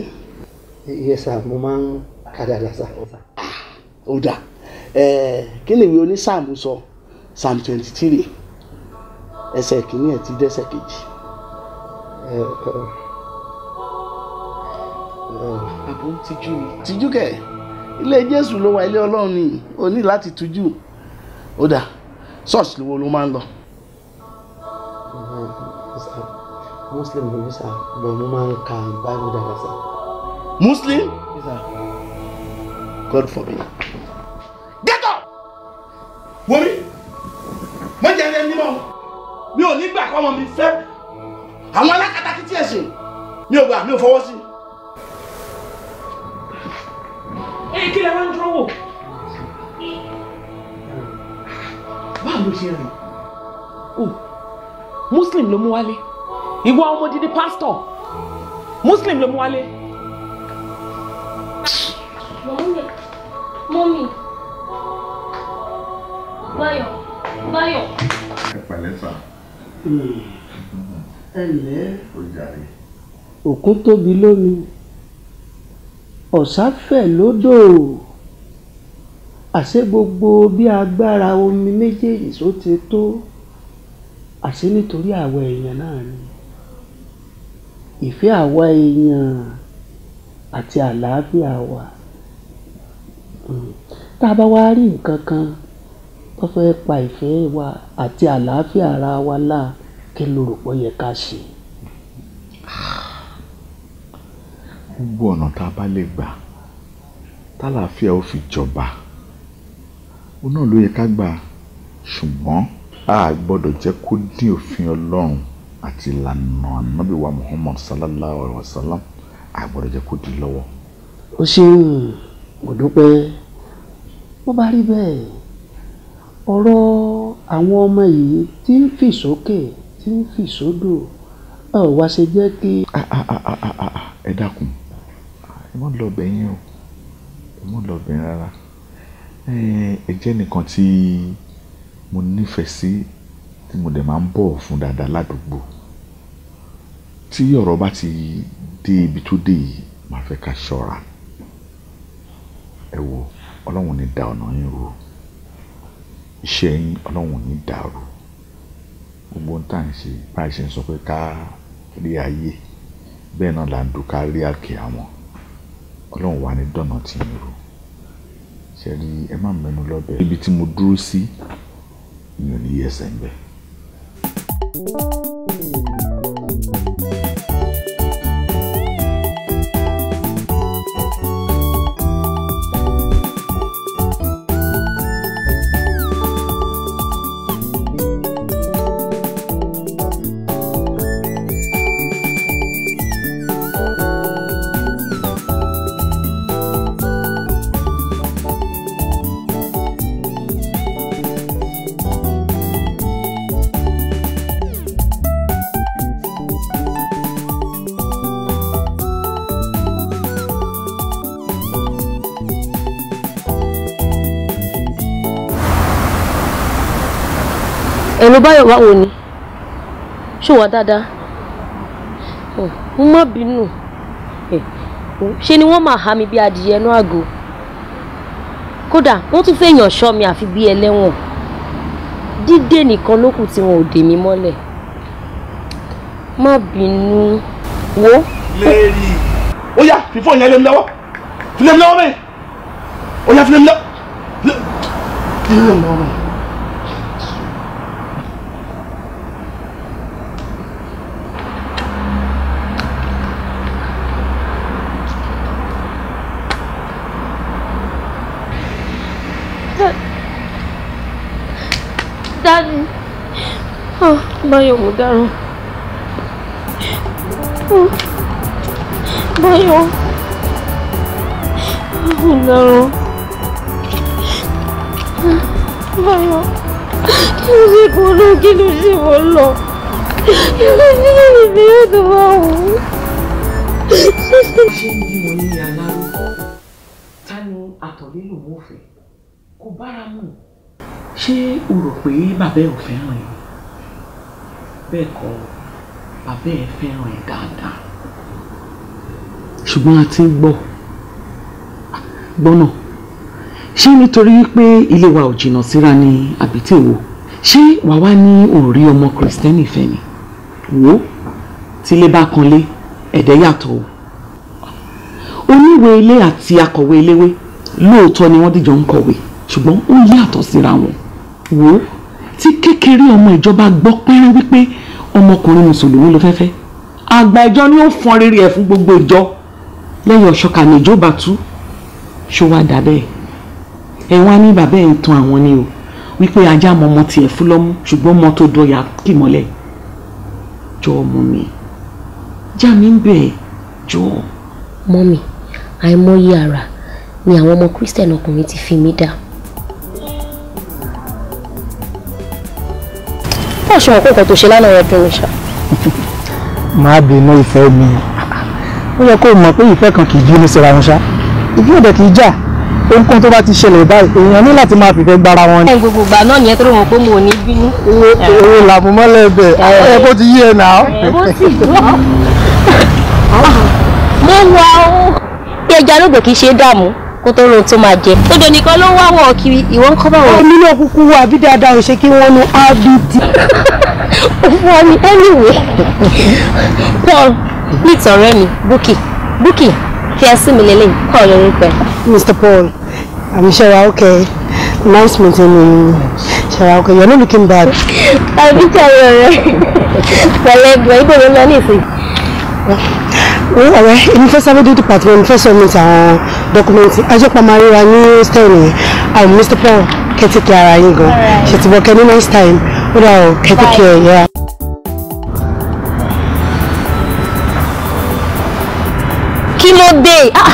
yes sir mo máa ń kàdà lásà. Ah, ó dà eh, kí ni ìwé onísáàmù sọ psalm twenty three ẹsẹ̀ kìíní ẹ̀ ti dẹ́sẹ̀ kejì. Eh, eh, àbò ń tijú mi. tijú kẹ ilé jésù ló wà ilé ọlọ́run ni o ní láti tijú ó dà ṣọ́ọ̀ṣì wo ló máa ń lọ. muslim ló ní sá bọ̀ mo máa ń ka báyìí dára sá. Muslim? Yes, sir. God forbid. Get up! Wọ́mi, mo jẹ́ ẹni mímọ́, mi ò ní gbà kọ́ ọmọ mi fẹ́. Àwọn alákatakítí ẹ̀sìn, mi ò gbà, mi ò fọwọ́ sí. Ẹ kí lè máa ń dúró wò. Báwo ló ṣe rìn? O, Muslim ló mú wálé. Ìwọ ọmọ dídí pásítọ̀, Muslim ló mú wálé mọ́mí báyọ̀ Bayo, Bayo. pẹ̀lẹ́ sà. Hmm. ẹ ǹlẹ́. ó jàre. òkun tóbi lómi ọ̀sá fẹ̀ lódò àṣé gbogbo bí agbára omi méjèèjì tó ti tó àṣé nítorí àwa èèyàn náà ni ìfẹ́ àwa èèyàn àti àlàáfíà wa hmm. tá a bá wá rí nǹkan kan tó fẹ́ pa ìfẹ́ wa àti àlàáfíà ara wa láà kí ló rò pé yẹ ká ṣe. gbogbo ọ̀nà tá a bá lè gbà tálàáfíà ó fi jọba òun náà ló yẹ ká gbà ṣùgbọ́n a gbọ́dọ̀ jẹ́ kó dín òfin ọlọ́run àti ìlànà ànábìwá muhammad sallallahu alayhi wa sallam àgbọ̀dọ̀ jẹ́ kó di lọ́wọ́. ó ṣeun mo dúpẹ́ bó bá rí bẹ́ẹ̀ ọ̀rọ̀ àwọn ọmọ yìí tí ń fì sókè tí ń fì sódò ẹ ò wá ṣe jẹ́ kí. Ah, ah, ah, ẹ dákun ẹ mọ lọ bẹyìn o ẹ mọ lọ bẹyìn rárá ẹ jẹ́ nìkan tí mo nífẹ̀ẹ́ sí tí mo dẹ̀ máa ń bọ̀ fún dáadáa ládùúgbò tí ọ̀rọ̀ bá ti dé ibi tó dé yìí máa fẹ́ ká ṣọ́ra ẹ wo ọlọ́run ní da ọ̀nà yín rú iṣẹ́ yín ọlọ́run ní dàrú gbogbo ń tà ń ṣe bá a ṣe ń sọ pé ká rí ayé bẹ́ẹ̀ náà là ń dùn ká rí àkè àwọn ọlọ́run wà ní dọ̀nà tí ń rú ṣe rí ẹ má mẹ́nu lọ́bẹ̀ ibi tí mo dúró sí mi yẹsẹ̀ ń bẹ̀. thank you Bro Báyọ̀ báwo ni? Ṣé wà dáadáa? Hmm, mo má bínú. Hmm, ṣé ni wọ́n máa há mi bí adìyẹ inú àgò? Kódà wọ́n tún fẹ́ èèyàn ṣọ́ mi àfi bí ẹlẹ́wọ̀n. Dídè nìkan ló kù tí wọn ò dè mí mọ́lẹ̀. Má bínú. Wo. Léèrè. Ó yá fífọ́ ìyẹn lé mi lọ́wọ́. Fi lé mi lọ́wọ́ bẹ́ẹ̀. Ó yá fi mi lọ́wọ́. mi Báyọ̀ mo dáràn. Hmm. Báyọ̀ mo dáràn. Báyọ̀ kí ló ṣe kó lọ kí ló ṣe kó lọ. Ìwé ní ìbí yóò tó bá wù ú. Ṣé ń mo ní alárúkọ? Ta ni àtọ̀lé lòun ò fẹ́? Kò bára mu. Ṣé o rò pé bàbá ẹ̀ ò fẹ́ràn yìí? bẹ́ẹ̀ kọ́ bàbá ẹ̀ fẹ́ràn ẹ̀ dáadáa. ṣùgbọ́n a ti ń gbọ́ gbọ́nà ṣé nítorí pé ilé wa ò jìnnà síra ni àbí tèwo ṣé wàá wá ní òrí ọmọ kìrìsìtẹ́nì fẹ́ ni wò ó tílé bá kanlé ẹ̀dẹ́ yàtọ̀ o oníwèé ilé àti akọ̀wé eléwé lóòótọ́ ni wọ́n dìjọ ń kọ̀wé ṣùgbọ́n ó yàtọ̀ síra wọn wò ó tí kékeré ọmọ ìjọba gbọ́ pẹ́rẹ́ wípé ọmọkùnrin mùsùlùmí ló fẹ́fẹ́ àgbà ìjọ ni ó fọn rere ẹ̀ fún gbogbo ìjọ lẹ́yìn ọ̀ṣọ́ka ní ìjọba tú ṣó wá dà bẹ́ẹ̀ ẹ̀ wá ní bàbá ẹ̀ ń tan àwọn ni o wípé ajá mọ ọmọ tiẹ̀ fún lọ́mú ṣùgbọ́n ọmọ tó dọ̀yà kì mọ́lẹ̀ jọ ọmọ mi já mi ń bẹ̀ jọ. mọ́mì àìmọye ara ni àwọn ọmọ kírísítẹ̀nì ọkùnrin ti fi mí dá. pọ̀ ṣe wọn kó nǹkan tó ṣe lánàá yẹn dùn mí ṣá. má bínú ìfẹ́ mi ó yẹ kó mọ̀ pé ìfẹ́ kan kì í bínú síra wọn ṣá ìbí òde kì í jà ohunkóhun tó bá ti ṣẹlẹ̀ báyìí èèyàn ní láti máa fìfẹ́ gbára wọn ni. gbogbo ìgbà náà nìyẹn tó rò wọn pé mo ò ní bínú. owó làmú mọ́lẹ̀ bẹ̀ ẹ bó ti yí ẹ nà ó. mo wà ó. ìjà lóde kì í ṣe dààmú kó tó ro tó máa jẹ. odò nìkan ló wá wọ̀ kiri ìwọ ń kọ́ bá wọn. nínú òkùnkùn wa àbí dáadáa ò ṣe kí wọ́n nu rbt. wọ́n ní anyway paul nítorẹ́ mi búkì búkì fi ẹsìn mi lélẹ̀ kọ́ lórí pẹ̀. mr paul i'm sure okay announcement ni sure okay you're not looking bad. àbí tẹ̀lé rẹ̀ pẹ̀lẹ́ gbọ́ ibò ló lọ ní ìsìn ọ̀rẹ́ èmi fẹ́ sábẹ́ dé department fẹ́ submit àwọn dọ́kúmẹ́ntì ajẹ́pàmárìra ní stẹ́ẹ̀ nìyẹn àwọn ah, Mr. Paul kẹ́tìkì ara yín gan ṣètìbọ̀kẹ́ ní next time ó dà ọ́ kẹ́tìkì ẹ̀ yẹra. kí ló dé ah,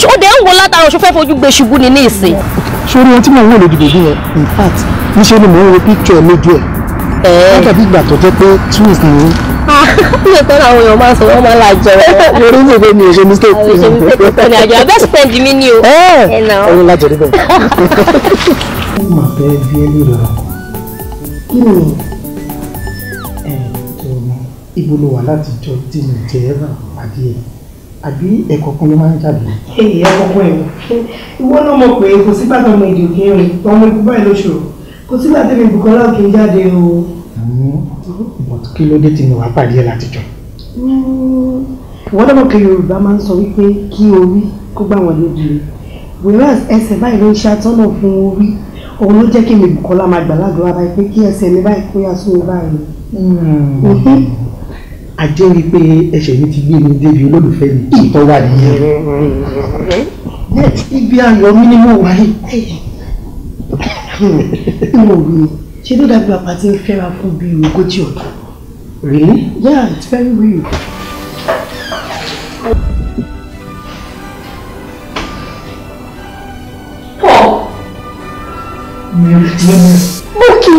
ṣó dé ń wo látara ṣó fẹ́ fojú gbé ṣubú ni ní ìsìn. sórí ohun tí mò ń wò lójú dòdò yẹn in fact níṣẹ́ ni mò ń wo picture ẹ̀ lójú ẹ̀. wọ́n tàbí ìgbà tó jẹ́ pé twins ni ní ìtọ́nà àwọn èèyàn máa sọ wọ́n máa la jọ lórí ní ìwé mi ò ṣe mistake. àwọn ìṣe mistake tó ní àjọ abẹ́ spend mi ni o. ọ̀hún lájọ níbẹ̀. ó mà bẹ́ bí ẹni rọra kí ni ibo ló wà láti jọ tí mi jẹ ẹ bá pàdé ẹ àbí ẹ̀kọ́ kan ló máa ń jáde. èyí ọkọ ẹ ìwọ náà mọ̀ pé kò sígbà tó ọmọ èdè òkè rìn ọmọ ìkú báyìí lóṣù kò sígbà tẹ́mi Bùkọ́lá òkè jáde o but kí ló dé tí mi wàá pàdé ẹ látijọ́. wọ́n lọ́mọ kí yorùbá máa ń sọ wípé kí orí kó gbà wọ́n lójú rẹ̀ whereas ẹsẹ̀ báyìí ló ń ṣe atọ́nà fún orí òun ló jẹ́ kí mi Bùkọ́lá máa gbà ládùúrà báyìí pé kí ẹsẹ̀ mi báyìí kó yá sómi báyìí. àjẹ́ hmm. ni pé ẹsẹ̀ mi ti gbé mi débi olólùfẹ́ mi ìtọ́ wà nìyẹn ibi ayọ̀ mi ni mo wà yìí. Hmm ṣe ló dàbí bàbá tí ń fẹ́ra fún bíi ogójì ọdún. Really? Yeah, it's very real. Bókì.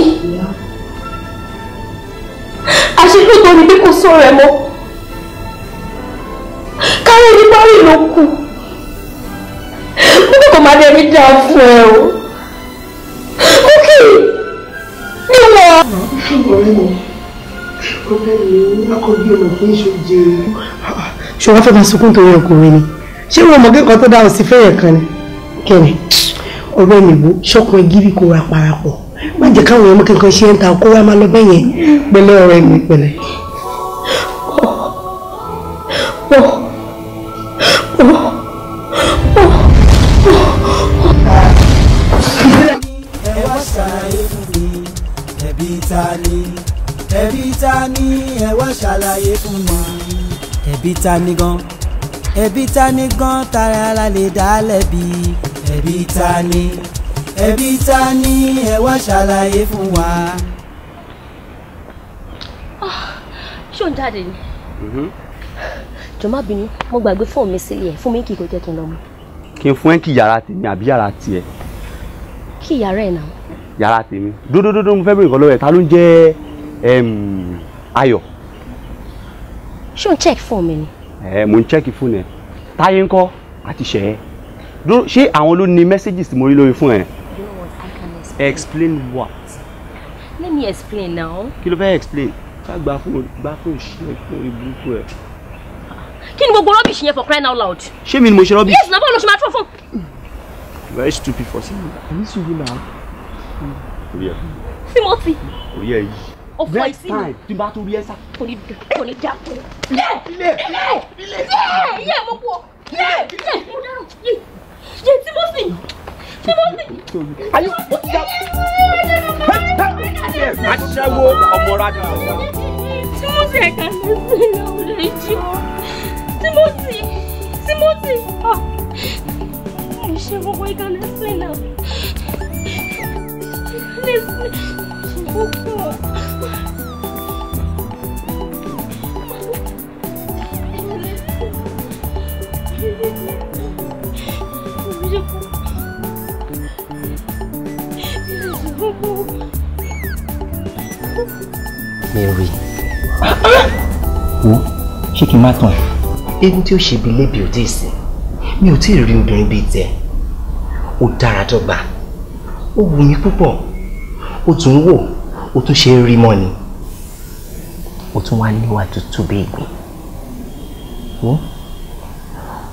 Àṣetútò ni bí kò sọ rẹ̀ mọ́. Káyọ̀ ní Bọ́rì ló kù. Bókì kò máa dẹ̀ mí dáa fún ẹ o. Bókì níwọ̀. ṣé wọ́n fẹ́ máa sunkún torí ọkùnrin ni ṣé wọ́n mọ̀ kẹ́kọ̀ọ́ tó dáhùn sí fẹ́yẹ̀ kan ni kẹ́ni ọ̀rẹ́ mi wo ṣọkùnrin gírí kó ra parapọ̀ má jẹ́ káwọn ọmọ kankan ṣe ń ta kó wá máa lọ bẹ́yẹn pẹ̀lẹ́ ọ̀rẹ́ mi pẹ̀lẹ́. Oh. Oh. Oh. ta ni ẹbí ta ni ẹ wá ṣàlàyé fún mi. ẹbí ta ni gan ẹbí ta ni gan tara la lè dá lẹ́bi. ẹbí ta ni ẹbí ta ni ẹ wá ṣàlàyé fún wa. Ah, ṣé òun jáde ni. Mm-hmm. jọ̀ọ́ bínú mo gbàgbé fóònù mi sílẹ̀ fún mi kì í kò jẹ́ kí n lọ mú. kí n fún ẹ kí yàrá tèmi àbí yàrá tiẹ̀. kí yàrá ẹ̀ náà yàrá tèmi dódódódó mo fẹ́ bèrè nǹkan lọ́wọ́ ẹ̀ ta ló ń jẹ́ ayọ̀. ṣé o ń check fóònù mi ni. ẹ mo ń check fóònù ẹ táyé ńkọ́ àti ṣẹ ṣé àwọn ló ní messages mo rí lórí fún ẹ. explain what. let me explain now. kí ló fẹ́ explain ká gba fún gba fún ìṣe fún ìbúkú ẹ. kí ni gbogbo rubbish yẹn for crying out loud. ṣé mi ni mo ṣe rubbish. yes na báwo ló ṣe máa tún fún. very stupid for sinmi. i need to go now orí ẹ Timothy orí ẹ yìí ọfọ ìsìn mi tí n bá tó rí ẹ sá. kò ní dà kò ní dà kò ní. ilé ilé ilé ilé ilé mo kú ọ ilé ilé mo dárò yé yé Timothy Timothy. ayé o ti dà. aṣẹ́wó ọmọ rádìo. Timothy ẹ̀ka ló ń gbé ìyàwó rẹ̀ jí o Timothy Timothy. Ìṣe gbogbo ìkànnì sí náà please Mary wo ṣé kí n má tàn ẹ́. eégún tí ó ṣe bíi lébi ò tí ì sìn mi ò tí ì rí obìnrin ó tún ń wò ó tún ṣe ń rí mọ́ ni ó tún wá níwà tútù bí ìgbín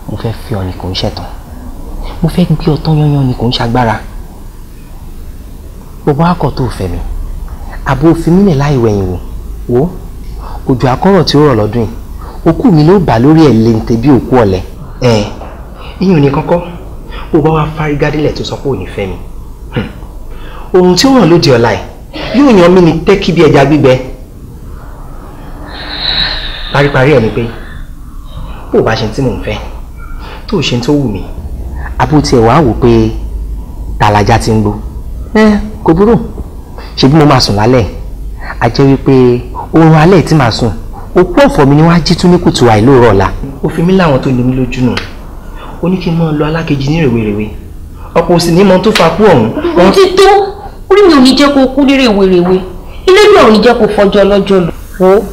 mo fẹ́ fi ọ kò ń ṣẹ̀tàn mo fẹ́ gbé ọ yányán ni kò ń ṣagbára gbogbo akọ tó fẹ́ mi àbò òfin mílẹ̀ láì wẹ̀yìn wò wò òjò akọ́rọ̀ tí ó rọ̀ lọ́dún yìí òkú mi ló bà lórí ẹ̀ lente bí òkú ọ̀lẹ ẹ̀ ìyún ni kọ́kọ́ bó bá wá tó sọ pé ò ní fẹ́ mi oòrùn tí ó ràn lóde ọ̀la yìí yóò yan mí ní tẹ́kí bí ẹja gbígbẹ paríparí ẹ̀ ni pé bó o bá ṣe tí mò ń fẹ́ tó o ṣe tó wù mí àbó tiẹ̀ wá wò pé tàlàjà ti ń gbó ẹ kò burú ṣebí mo máa sùn lálẹ́ a jẹ́ wípé oorun alẹ́ tí màá sùn òkú ọ̀fọ̀ mi ni wọ́n á jí tún ní kùtù àìlóòrọ̀ ọ̀la. ó fi mí láwọn tó lè mí lójú nù ó ní kí n máa lọ alákejì ní rèwerèwe ọ̀pọ̀ òsì ní mọ tó fa kú ọ̀hún. ó ti tó orí mi ò ní jẹ́ kó kú lérè wèrèwé ilé mi ò ní jẹ́ kó fọjọ́ ọlọ́jọ́ lọ. wo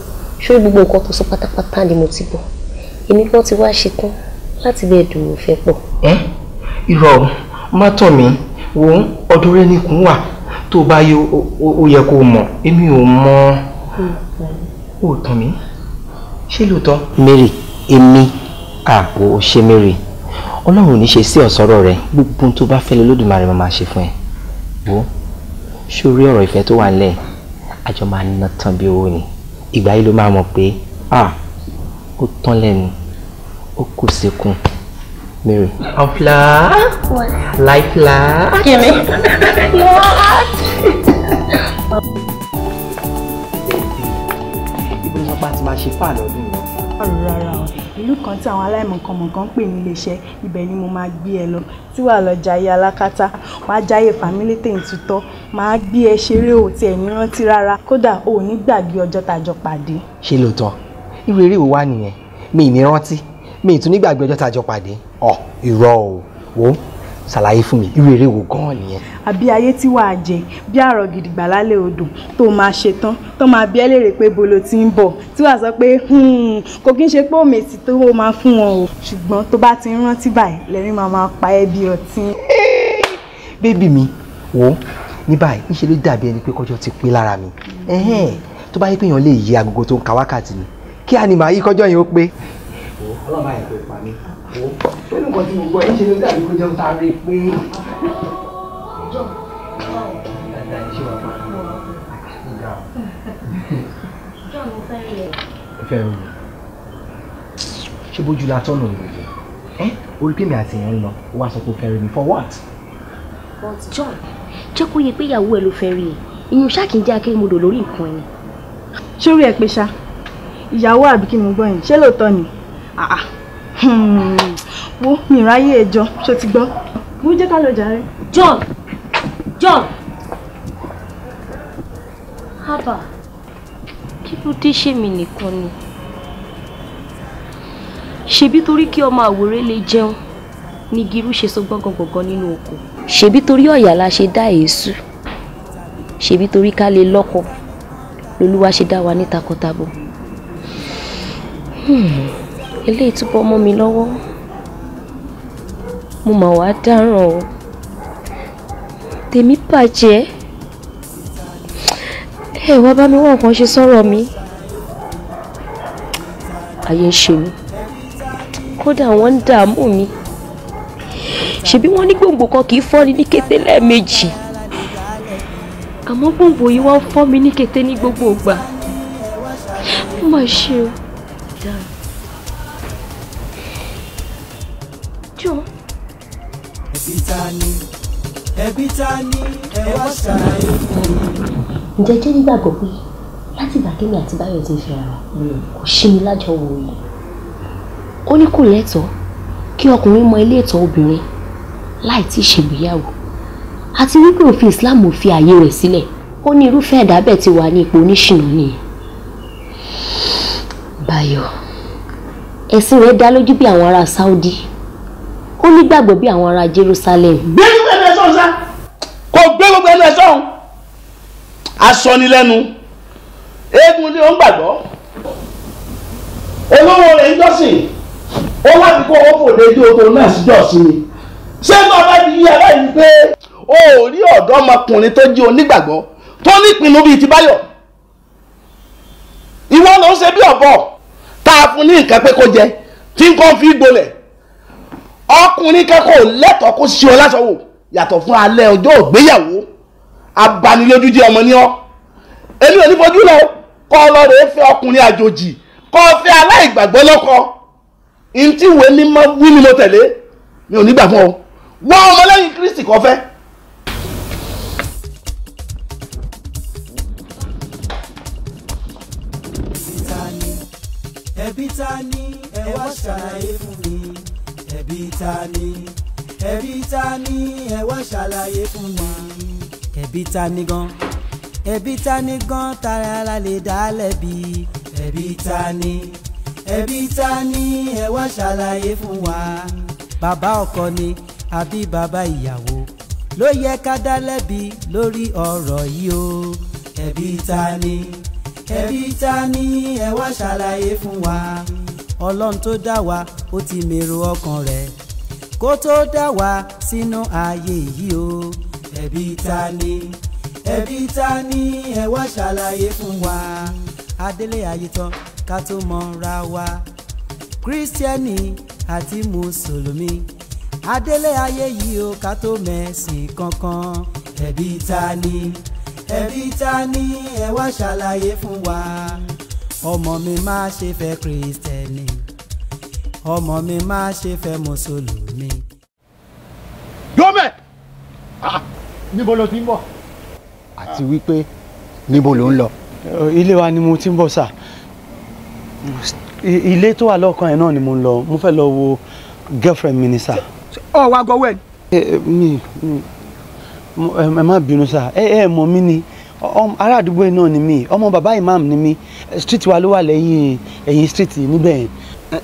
ṣé gbogbo nǹkan tó sọ pátápátá ni mo ti bọ̀ èmi kan ti wá ṣetán láti bẹ́ẹ̀ dùn òfin pọ̀. ẹ irọ́ má tọ̀ mí wo ọdún rẹ nìkún wà tó bá yẹ ó yẹ kó mọ̀ èmi ò mọ̀ ó tàn mí ṣé lóòótọ́. Mary èmi àpò ṣe Mary ọlọ́run ò ní ṣe sí ọ̀sọ́rọ̀ rẹ gbogbo ohun tó bá fẹ́ lé lódùmarè máa ṣe fún ẹ wo ṣòrí ọ̀rọ̀ ìfẹ́ tó wà nílẹ̀ àjọ máa ná tán bí owó ni ìgbà yìí ló máa mọ̀ pé ah ó tán lẹ́nu ó kù síkùn Mary. ọ̀pla láìpla. kìnì ìbùsùn pa ti máa ṣe fáà lọ́dún yìí. rárá o ìlú kan tí àwọn aláìmọ̀kànmọ̀kàn pè ní iléeṣẹ́ ibẹ̀ ni mo máa gbé ẹ lọ tí wàá lọ jayé alákátá wàá jayé fàmílì tèǹtútọ́ máa gbé ẹ ṣeré ò tiẹ̀ ní rántí rárá kódà ò ní gbàgbé ọjọ́ tàjọ pàdé. ṣé lóòótọ́ irú eré wo wà nìyẹn mi ì ní rántí mi ì tún ní gbàgbé ọjọ́ tàjọ pàdé ọ̀ irọ́ o ṣàlàyé fún mi irú eré wo gan-an nìyẹn. àbí ayé tí wàá jẹ bí àrò gidigba lálẹ́ odò tó máa ṣe tán tó máa bi ẹ́ pé bolo ti ń bọ̀ tí wàá sọ pé hmm, kò kí n ṣe pé òmè tí tó máa fún wọn o ṣùgbọ́n tó bá ti ń rántí báyìí lẹ́rìn máa máa pa ẹ́ bí ọtí. bébì mi wò ó ní báyìí níṣẹ́ ló dàbí ẹni pé kọjọ́ ti pé lára mi tó bá yẹ pé èèyàn lè yí agogo tó ń ka wákàtí ni kí a ní màá yí kọjọ́ yẹn ó pé. ọlọ́run máa nínú nǹkan tí mo gbọ́ yín ṣe ló dàbí kó jẹun sáré pé fẹ́ràn mi ṣé bójú la tọ́nà ìròyìn ẹ orí pèmí àti ẹ̀ ń lọ ó wá sọ pé fẹ́ràn mi for what. but John jẹ́ kó yẹ pé ìyàwó ẹ̀ ló fẹ́ rí i ìyún ṣáà kì í jẹ́ akéwìmọ̀dò lórí nǹkan ẹni. ṣé orí ẹ pé ṣá ìyàwó àbí kí mo gbọ́ yẹn ṣé lóòótọ́ ni ah, ah. Hmm wo mi ráyè ẹjọ́ ṣe ti gbọ́ bó jẹ́ ká lọ jàre. John John haba kí ló dé ṣèmi nìkan ni ṣebí torí kí ọmọ àwòrè lè jẹun ni girú ṣe so gbọ̀ngàngbọ̀ngàn nínú oko ṣebí torí ọ̀yà la ṣe dá èésú ṣebí torí ká lè lọ́kọ lolúwa ṣe dá wa ní takọtabo hmm, eléyìí túbọ̀ mọ́ mi lọ́wọ́ mo mà wá dáràn o tèmi bàjẹ́ ẹ wá bá mi wọ́n nǹkan ṣe sọ̀rọ̀ mi ayé ṣe mi kódà wọ́n ń dààmú mi ṣebí wọ́n ní gbòǹgbò kan kì í fọ́ni ní kété lẹ́ẹ̀mejì àmọ́ gbòǹgbò yìí wọ́n ń fọ́ mi ní kété ní gbogbo ìgbà ó mà ṣe o dáa. ẹbí ta ni ẹbí ta ni ẹ wá ṣàlàyé fún mi. ǹjẹ́ jẹ́ nígbàgbọ́ pé láti ìgbà kémi àti báyọ̀ ti ń fẹ́ra wa kò ṣí mi lájọ wò yìí ó ní kò lẹ́tọ̀ọ́ kí ọkùnrin mọ ilé ìtọ́ obìnrin láì tí ì ṣègbéyàwó àti wípé òfin Islam fi ààyè rẹ̀ sílẹ̀ ó ní irúfẹ́ ẹ̀dá bẹ́ẹ̀ ti wà ní ipò oníṣìnà nìyẹn báyọ̀ ẹ̀sìn rẹ̀ dá lójú bí àwọn ará Saudi ó nígbàgbọ́ bí àwọn ará Jerusalem. gbé gbogbo ẹnu ẹ sọ̀hún sá kò gbé gbogbo ẹnu ẹ sọ̀hún asọnilẹ́nu eégún ni ó ń gbàgbọ́ olówó rẹ̀ ń jọ́sìn ó wá ní kó owó fòde ju oto náà sí jọ́sìn ni ṣé bàbá mi yí aláìní pé o ò rí ọ̀dọ́mọkùnrin tó jẹ́ onígbàgbọ́ tó nípinnu bíi ti báyọ̀ ìwọ ló ń ṣe bí ọ̀bọ tá a fún ní nǹkan pé kó jẹ tí nǹkan fi gbolẹ̀ ọkùnrin kẹ́kọ̀ọ́ lẹ́tọ̀ọ́ kó ṣe ọ lásọ̀wò yàtọ̀ fún alẹ́ ọjọ́ ògbéyàwó abanilójú jẹ́ ọmọ ní ọ́ èmi ò ní fojú lọ kọ́ ọ lọ rèé fẹ́ ọkùnrin àjòjì kọ́ ọ fẹ́ aláìgbàgbọ́ lọ́kọ ntí ìwé mímọ́ wí ni mo tẹ̀lé mi ò ní gbà fún ọ wọ́n ọmọlẹ́yìn Kristi kọ́ fẹ́. ẹbí ta ni ẹ wá ṣàlàyé fún mi ẹbí ta ni ẹbí ta ni ẹ wá ṣàlàyé fún wa. ẹbí ta ni gan ẹbí ta ni gan tara la lè dá lẹ́bi. ẹbí ta ni ẹbí ta ni ẹ wá ṣàlàyé fún wa. bàbá ọkọ ni àbí bàbá ìyàwó ló yẹ ká dá lẹ́bi lórí ọ̀rọ̀ yìí o. ẹbí ta ni ẹbí ta ni ẹ wá ṣàlàyé fún wa ọlọ́run tó dá wa ó ti mèrò ọkàn rẹ̀ kó tó dá wa sínú ayé yìí o. ẹ̀bi ta ni ẹ̀bi ta ni ẹ wá ṣàlàyé fún wa adélé ayetán ká tó mọra wa kírísítẹ́nì àti mùsùlùmí adélé ayé yìí o ká tó mẹ̀sìn kankan ẹ̀bi ta ni ẹ̀bi ta ni ẹ wá ṣàlàyé fún wa ọmọ mi má ṣe fẹ́ kristẹni ọmọ mi má ṣe fẹ́ mùsùlùmí. gómẹ̀ ah, níbo ló ti ń bọ̀. àti wípé níbo ló ń lọ. ilé wa ni mo ti ń bọ̀ sà ilé tó wà lọ́ọ̀kan ẹ̀ náà ni mo ń lọ mo fẹ́ lọ wo girlfriend mi ni sà. ọ wá gọwẹ́ ni. mi ẹ má bínú sà ẹ ẹ mọ̀ mí ni. Eh, eh, ará àdúgbò náà ni mí ọmọ bàbá imam ni mí street wa ló wà lẹ́yìn ẹ̀yìn street níbẹ̀.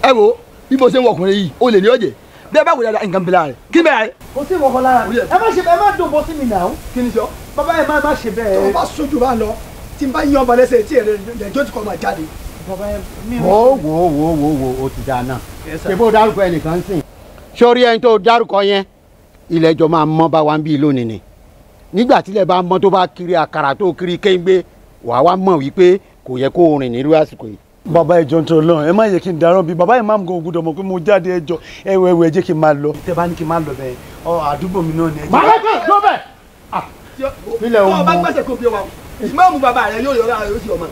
ẹ wo bí mo ṣe ń wọ ọkùnrin yìí o lè ní ọjẹ bẹ́ẹ̀ bá wò dáadáa nǹkan bẹ lára rẹ kí bẹ́ẹ̀ rẹ. kò sí ìwọ̀kọ̀ lára mi ẹ má ṣe ẹ má dùn bó sí mi nà ó. kí ni sọ. bàbá ẹ má má ṣe bẹ́ẹ̀. tó o bá sojú bá lọ tí n bá yí ọba lẹ́sẹ̀ tí èrè lẹ́jọ́ ti kọ́ máa jáde. wo wo wo wo o ti dáa náà. ṣé bó dárúkọ ẹnìkan sìn. sórí ẹni tó dárúkọ yẹn ilẹ̀ ìjọ máa mọ́ bá wa ń bí lónìí ni nígbà tílẹ̀ bá mọ́ tó bá kiri àkàrà tó kiri kéńgbé wàá wá mọ̀ wípé kò yẹ kó rìn nílùú àsìkò yìí. bàbá ẹjọ tó lọ ẹ má yẹ kí n darọ bí bàbá ìmáàmù gan ogun dọmọ pé mo jáde ẹjọ ẹwẹ ẹwẹ ẹ jẹ kí n máa lọ. tẹ bá ní kí n máa lọ bẹ́ẹ̀ ọ àdúgbò mi náà ni. màá kọ́ tó bẹ̀. ilẹ̀ òun. bá gbèsè kó bí ọmọ ìmáàmù bàbá rẹ yóò yọra rẹ yóò sì ọmọ.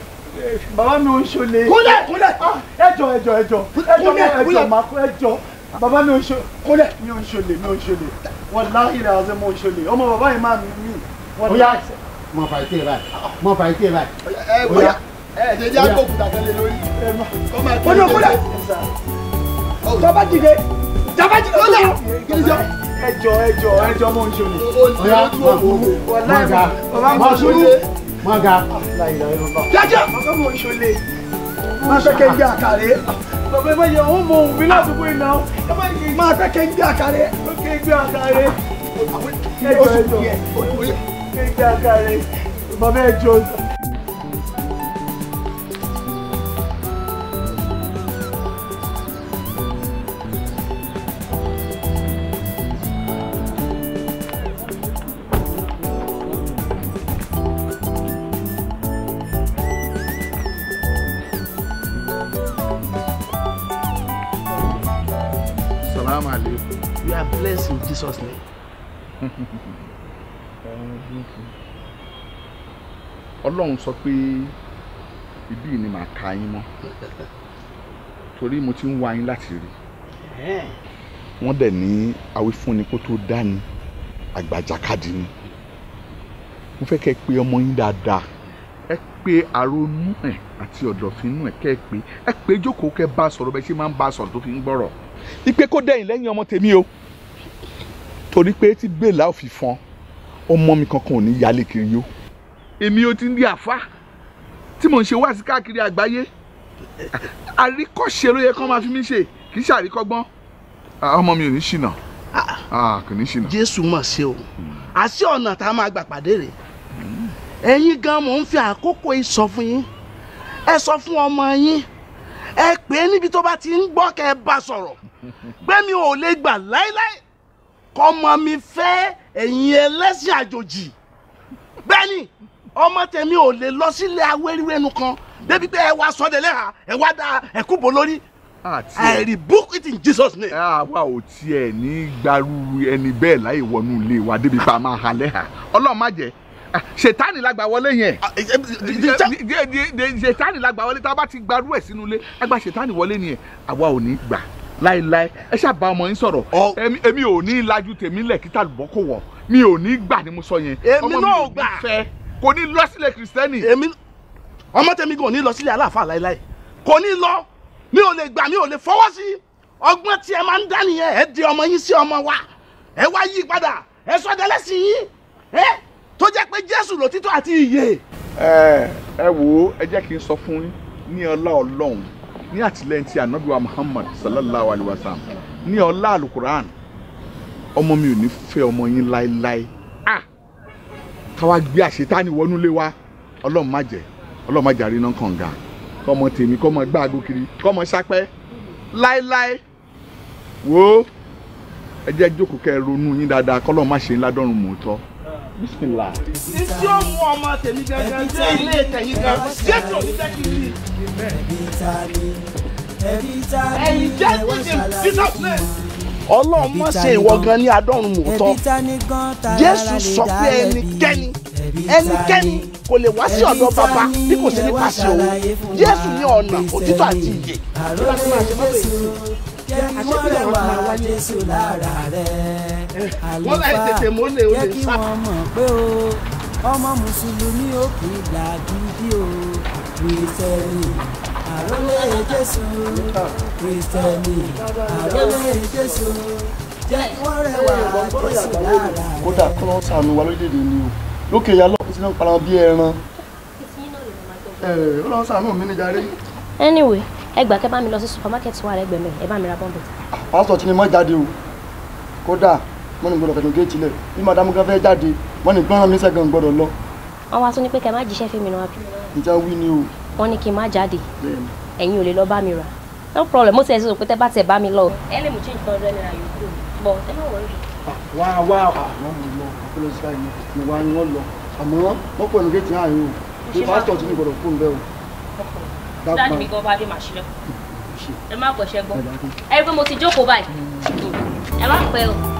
bàbá mi ò ń ṣọlẹ. kúnlẹ̀ kúnlẹ̀. ẹjọ ẹjọ ẹjọ ẹjọ bàbá mi ò ń ṣọlẹ mi ò ń ṣọlẹ mi ò làwọn ó yá mọ fà ìtẹ́ báyìí mọ fà ìtẹ́ báyìí ó yá ẹ jẹ́ jẹ́ àgbòkúta tẹ́lẹ̀ lórí kọ́ máa tó ní kúlẹ̀ tọ́ba dìde tọ́ba dìde ó lọ ẹjọ ẹjọ ẹjọ mọ oṣù mi. ó yá mọ kúrú mọ ga mọ kúrú mọ ga. jẹjẹ ọkọ mọ oṣù le máa tẹ́kẹ̀ ń gbé àkàrẹ́ bàbá ẹ bá yẹ ọ̀hún mọ òun mi ládùúgbò iná máa tẹ́kẹ̀ ń gbé àkàrẹ́ ó kẹ́ ń gbé àkàrẹ́. Ah, gbé gbé agbára My man, ẹ̀ ọlọ́run sọ pé ibí ni màá ka yín mọ́ torí mo ti ń wá yín láti rí wọ́n dẹ̀ ní awífúnni kó tó dání àgbàjàkadì ni mo fẹ́ kẹ́ ẹ pé ọmọ yín dáadáa ẹ pé àrònú ẹ̀ àti ọ̀dọ̀fínú ẹ̀ kẹ́ ẹ pé ẹ pé jókòó kẹ́ bá a sọ̀rọ̀ bẹ́ẹ̀ ṣe máa ń bá a sọ̀rọ̀ tó fi ń gbọ́rọ̀ ipe kó dẹ̀yìn lẹ́yìn ọmọ tèmi o torí pé tí bẹ́ẹ̀ láò fi fọn ọmọ mi kankan ò ní yálé kiri yó èmi ò ti ń di àfa tí mò ń ṣe wáàsí káàkiri àgbáyé àríkọ́ṣe ló yẹ kán máa fi mí ṣe kì í ṣe àríkọ́gbọ́n ah, ọmọ mi ò ní ṣìnà ah. Ah, kò ní ṣìnà. jésù mọ̀ ṣe o àṣì hmm. ọ̀nà tá a máa gbà pàdé rẹ̀ ẹ̀yin gan mò ń fi àkókò yìí sọ fún yín ẹ sọ fún ọmọ yín ẹ pè é níbi tó bá ti ń gbọ́ kẹ́ ẹ bá sọ̀rọ̀ pé mi ò lè gbà láéláé kọ́mọ mi fẹ́ ẹ̀yin ẹlẹ́sìn àjòjì bẹ́ẹ̀ ni ọmọ tèmi ò lè lọ sílé awéríwénu kan débi pé ẹ wá sọdẹ lẹ́hà ẹ wá da ẹkúbọ lórí I rebuke it in Jesus name. àwa ò tiẹ̀ ní gbaru ẹni bẹ́ẹ̀ láì wọnú ilé wa débi pa máa hà lẹ́hà ọlọ́run má jẹ́ ṣètánì la gbà wọlé yẹn ṣètánì la gbà wọlé tá a bá ti gbarú ẹ̀ sínú ilé a gba wọlé nìyẹn àwa ò ní gbà láéláé ẹ ṣàbá ọmọ yín sọ̀rọ̀ èmi ò ní lajú tèmi lẹ̀ kíta lùbọ́ kò wọ̀ mi ò ní gbà ni mo sọ yẹn ọmọ mi ò ní fẹ́ kò ní lọ sílẹ̀ kìrìsìtẹ́nì. èmi ọmọ tèmi gan ò ní lọ sílẹ̀ aláàfáà láéláé kò ní lọ mi ò lè gbà mi ò lè fọwọ́ sí ọgbọ́n tí ẹ máa ń dá nìyẹn ẹ di ọmọ yín sí ọmọ wa ẹ wá yí padà ẹ sọ dẹlẹ́sìn yín ẹ tó jẹ́ pé jésù lòtítọ́ àti ìyè. ẹ ẹ wo ẹ jẹ́ kí n sọ fún yín ní ọlá ọlọ́run ní àtìlẹ́yìn tí anabiwa muhammad sallallahu alayhi wa sallam ní ọlá alukuran ọmọ mi ò ní fẹ́ ọmọ yín láéláé káwá gbé àṣetáni wọnú lé wa ọlọ́run má jẹ́ ọlọ́run má jẹ́ àríná kànga kọ́mọ tèmi kọ́mọ gbáàgó kiri kọ́mọ sápẹ́ láéláé wò ó ẹ jẹ́ jókòó kẹ́ ẹ ronú yín dáadáa kọ́lọ́run má ṣe ńlá dọ́run mọ́tọ́ bisimila. isi o mu ọmọ tèmi gangan jẹ ilé ìtẹ̀yìn gan jésù onídẹ́kì rí. ẹ̀yin jẹ́ ìdíje business place ọlọ́run má ṣe ìwọ gan ní adọ́run mòótọ́ jésù sọ pé ẹnikẹ́ni ẹnikẹ́ni kò lè wá sí ọ̀dọ̀ bàbá bí kò sí nípasẹ̀ òun jésù ní ọ̀nà òtítọ́ àti ìyè. wọ́n láì tètè mọ́lẹ̀ olè sá. ọmọ mùsùlùmí ó kì í dàbí bí o kì í sẹ́yìn àrólóyè jésù kristẹni àrólóyè jésù jẹ́ wọ́n rẹwà jésù lára rẹ̀. kódà kọ́ lọ́ọ́ sànù wa lórílẹ̀‐èdè ni o lókè ya lọ́ọ́ sí náà para bí ẹran ẹ ọ lọ́ọ́ sànù mi ní jàre. anyway ẹ gbà kẹ́ bá mi lọ sí supermarket wa rẹ̀ gbẹ̀mẹ̀ ẹ bá mi ra bọ́ǹbù. pásítọ̀ tí ni mọ́ jáde o kódà wọ́n ní gbọ́dọ̀ kẹ̀tùn géètì lẹ̀ bí màdàmú kan fẹ́ jáde wọ́n ní gbọ́ràn mi sẹ́gàn gbọ́dọ̀ lọ. wọ́n wá tún ní pé kẹ́ má jíṣẹ́ fún mi náà. ìjà wí ni o wọ́n ní kí n má jáde ẹ̀yin ò lè lọ bá mi rà no problem mo ti ẹ̀ sọ pé tẹ́ bá tẹ̀ bá mi lọ. ẹ lè mú change kan rẹ nira yòókù bọ ẹ má wọlé. Ah, wá wá àwọn ah, mi lọ apolosika yìí mo wá ní wọn lọ àmọ́ wọn pẹ̀lú géètì àárín o bí pásítọ̀ tún gbọ́dọ̀ fún un bẹ́ẹ̀ o. dáàdì mi gan bá dé màá ṣílẹ̀ hmm, ẹ má pẹ̀ṣẹ̀ gbọ́ ẹ rí i pé mo ti jókòó báyìí hmm. ẹ má pẹ́ o.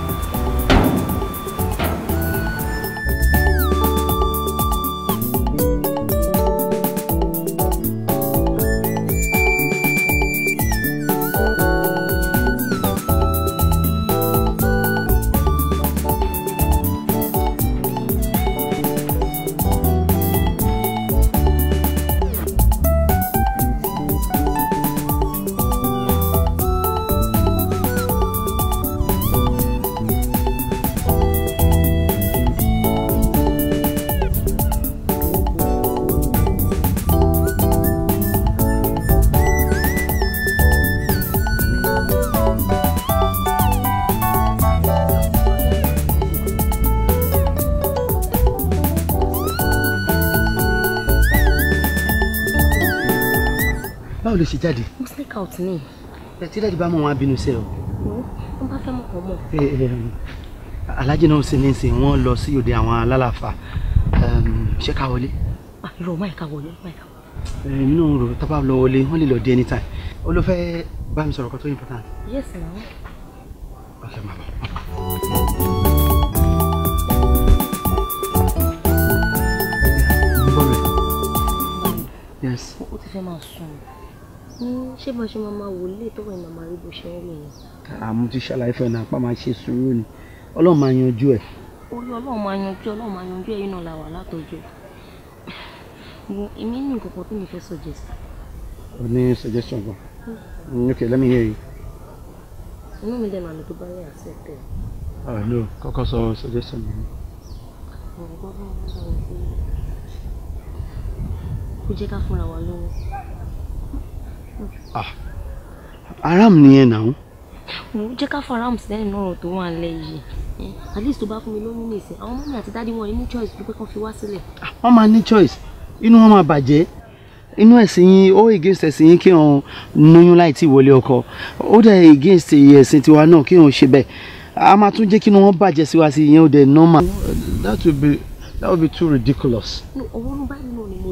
báwo ló ṣe jáde. mo sneak out ni. ẹ tí dáàdi bá mọ̀ wọn á bínú o. wọ́n bá fẹ́ mọ̀ ọ́ mọ̀. alájẹ náà sì ní sìn wọ́n lọ sí òde àwọn alálàfà ṣé ká wọlé. irọ́ ah, máa ká wọlé máa ká wọlé. èmi náà ń rò tábà lọ wọlé wọ́n lè lọ dé anytime. olùfẹ́ bá mi sọ̀rọ̀ kan tó important. yes ma'am. ṣé bá ṣe máa máa wò lè tó wẹ̀ náà máa rí bó ṣe ń rìn yẹn. àmú ah, ti ṣàlàyé fún ẹ náà apá máa sùúrù ni ọlọ́run máa yanjú ẹ̀. orí ọlọ́run máa yanjú ọlọ́run máa yanjú ẹ̀yìn náà la wà látọjọ́ èmi ní nǹkan kan tó mi fẹ́ suggest. o ní suggestion gan mm, ok let me hear you. inú mi lẹ́nu àná tó bá yẹ accept ẹ̀. ah no kọ́kọ́ sọ suggestion mi. kò jẹ́ ká fúnra wa lọ́wọ́. Ah, aram nìyẹn náà. jẹ́ ká fún aram sílẹ̀ nínú ọ̀rọ̀ tó wà lẹ́ yìí at least tó bá fún mi lóyún nìsín àwọn mọ́mí àti dáàdi wọn ní choice pípẹ́ kan fi wá sílẹ̀. Ah, wọ́n máa ní choice inú wọn máa bàjẹ́ inú ẹ̀sìn yín ó against ẹ̀sìn yín kí wọ́n lóyún láì tí wọlé ọkọ ó dẹ̀ against ẹ̀sìn tiwa náà kí wọ́n ṣe bẹ́ẹ̀ a máa tún jẹ́ kí wọ́n bàjẹ́ sí ìyẹn ó dẹ̀ normal. that would be that would be too ridiculous. ọwọ́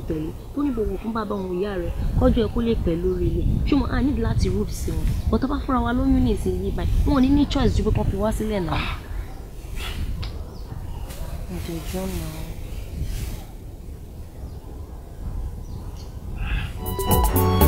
tẹ̀lé tó ní bọ̀wọ̀ fún bàbá òun ìyá rẹ̀ kọjọ́ ẹ kó lè pẹ́ lórí ilé ṣùgbọ́n a nílò láti rúb sí wọn bọ́tọ́ bá fúnra wa lóyún ní ìsìn yìí báyìí wọn ò ní ní choice ju pé kàn fi wá sílẹ̀ náà. thank you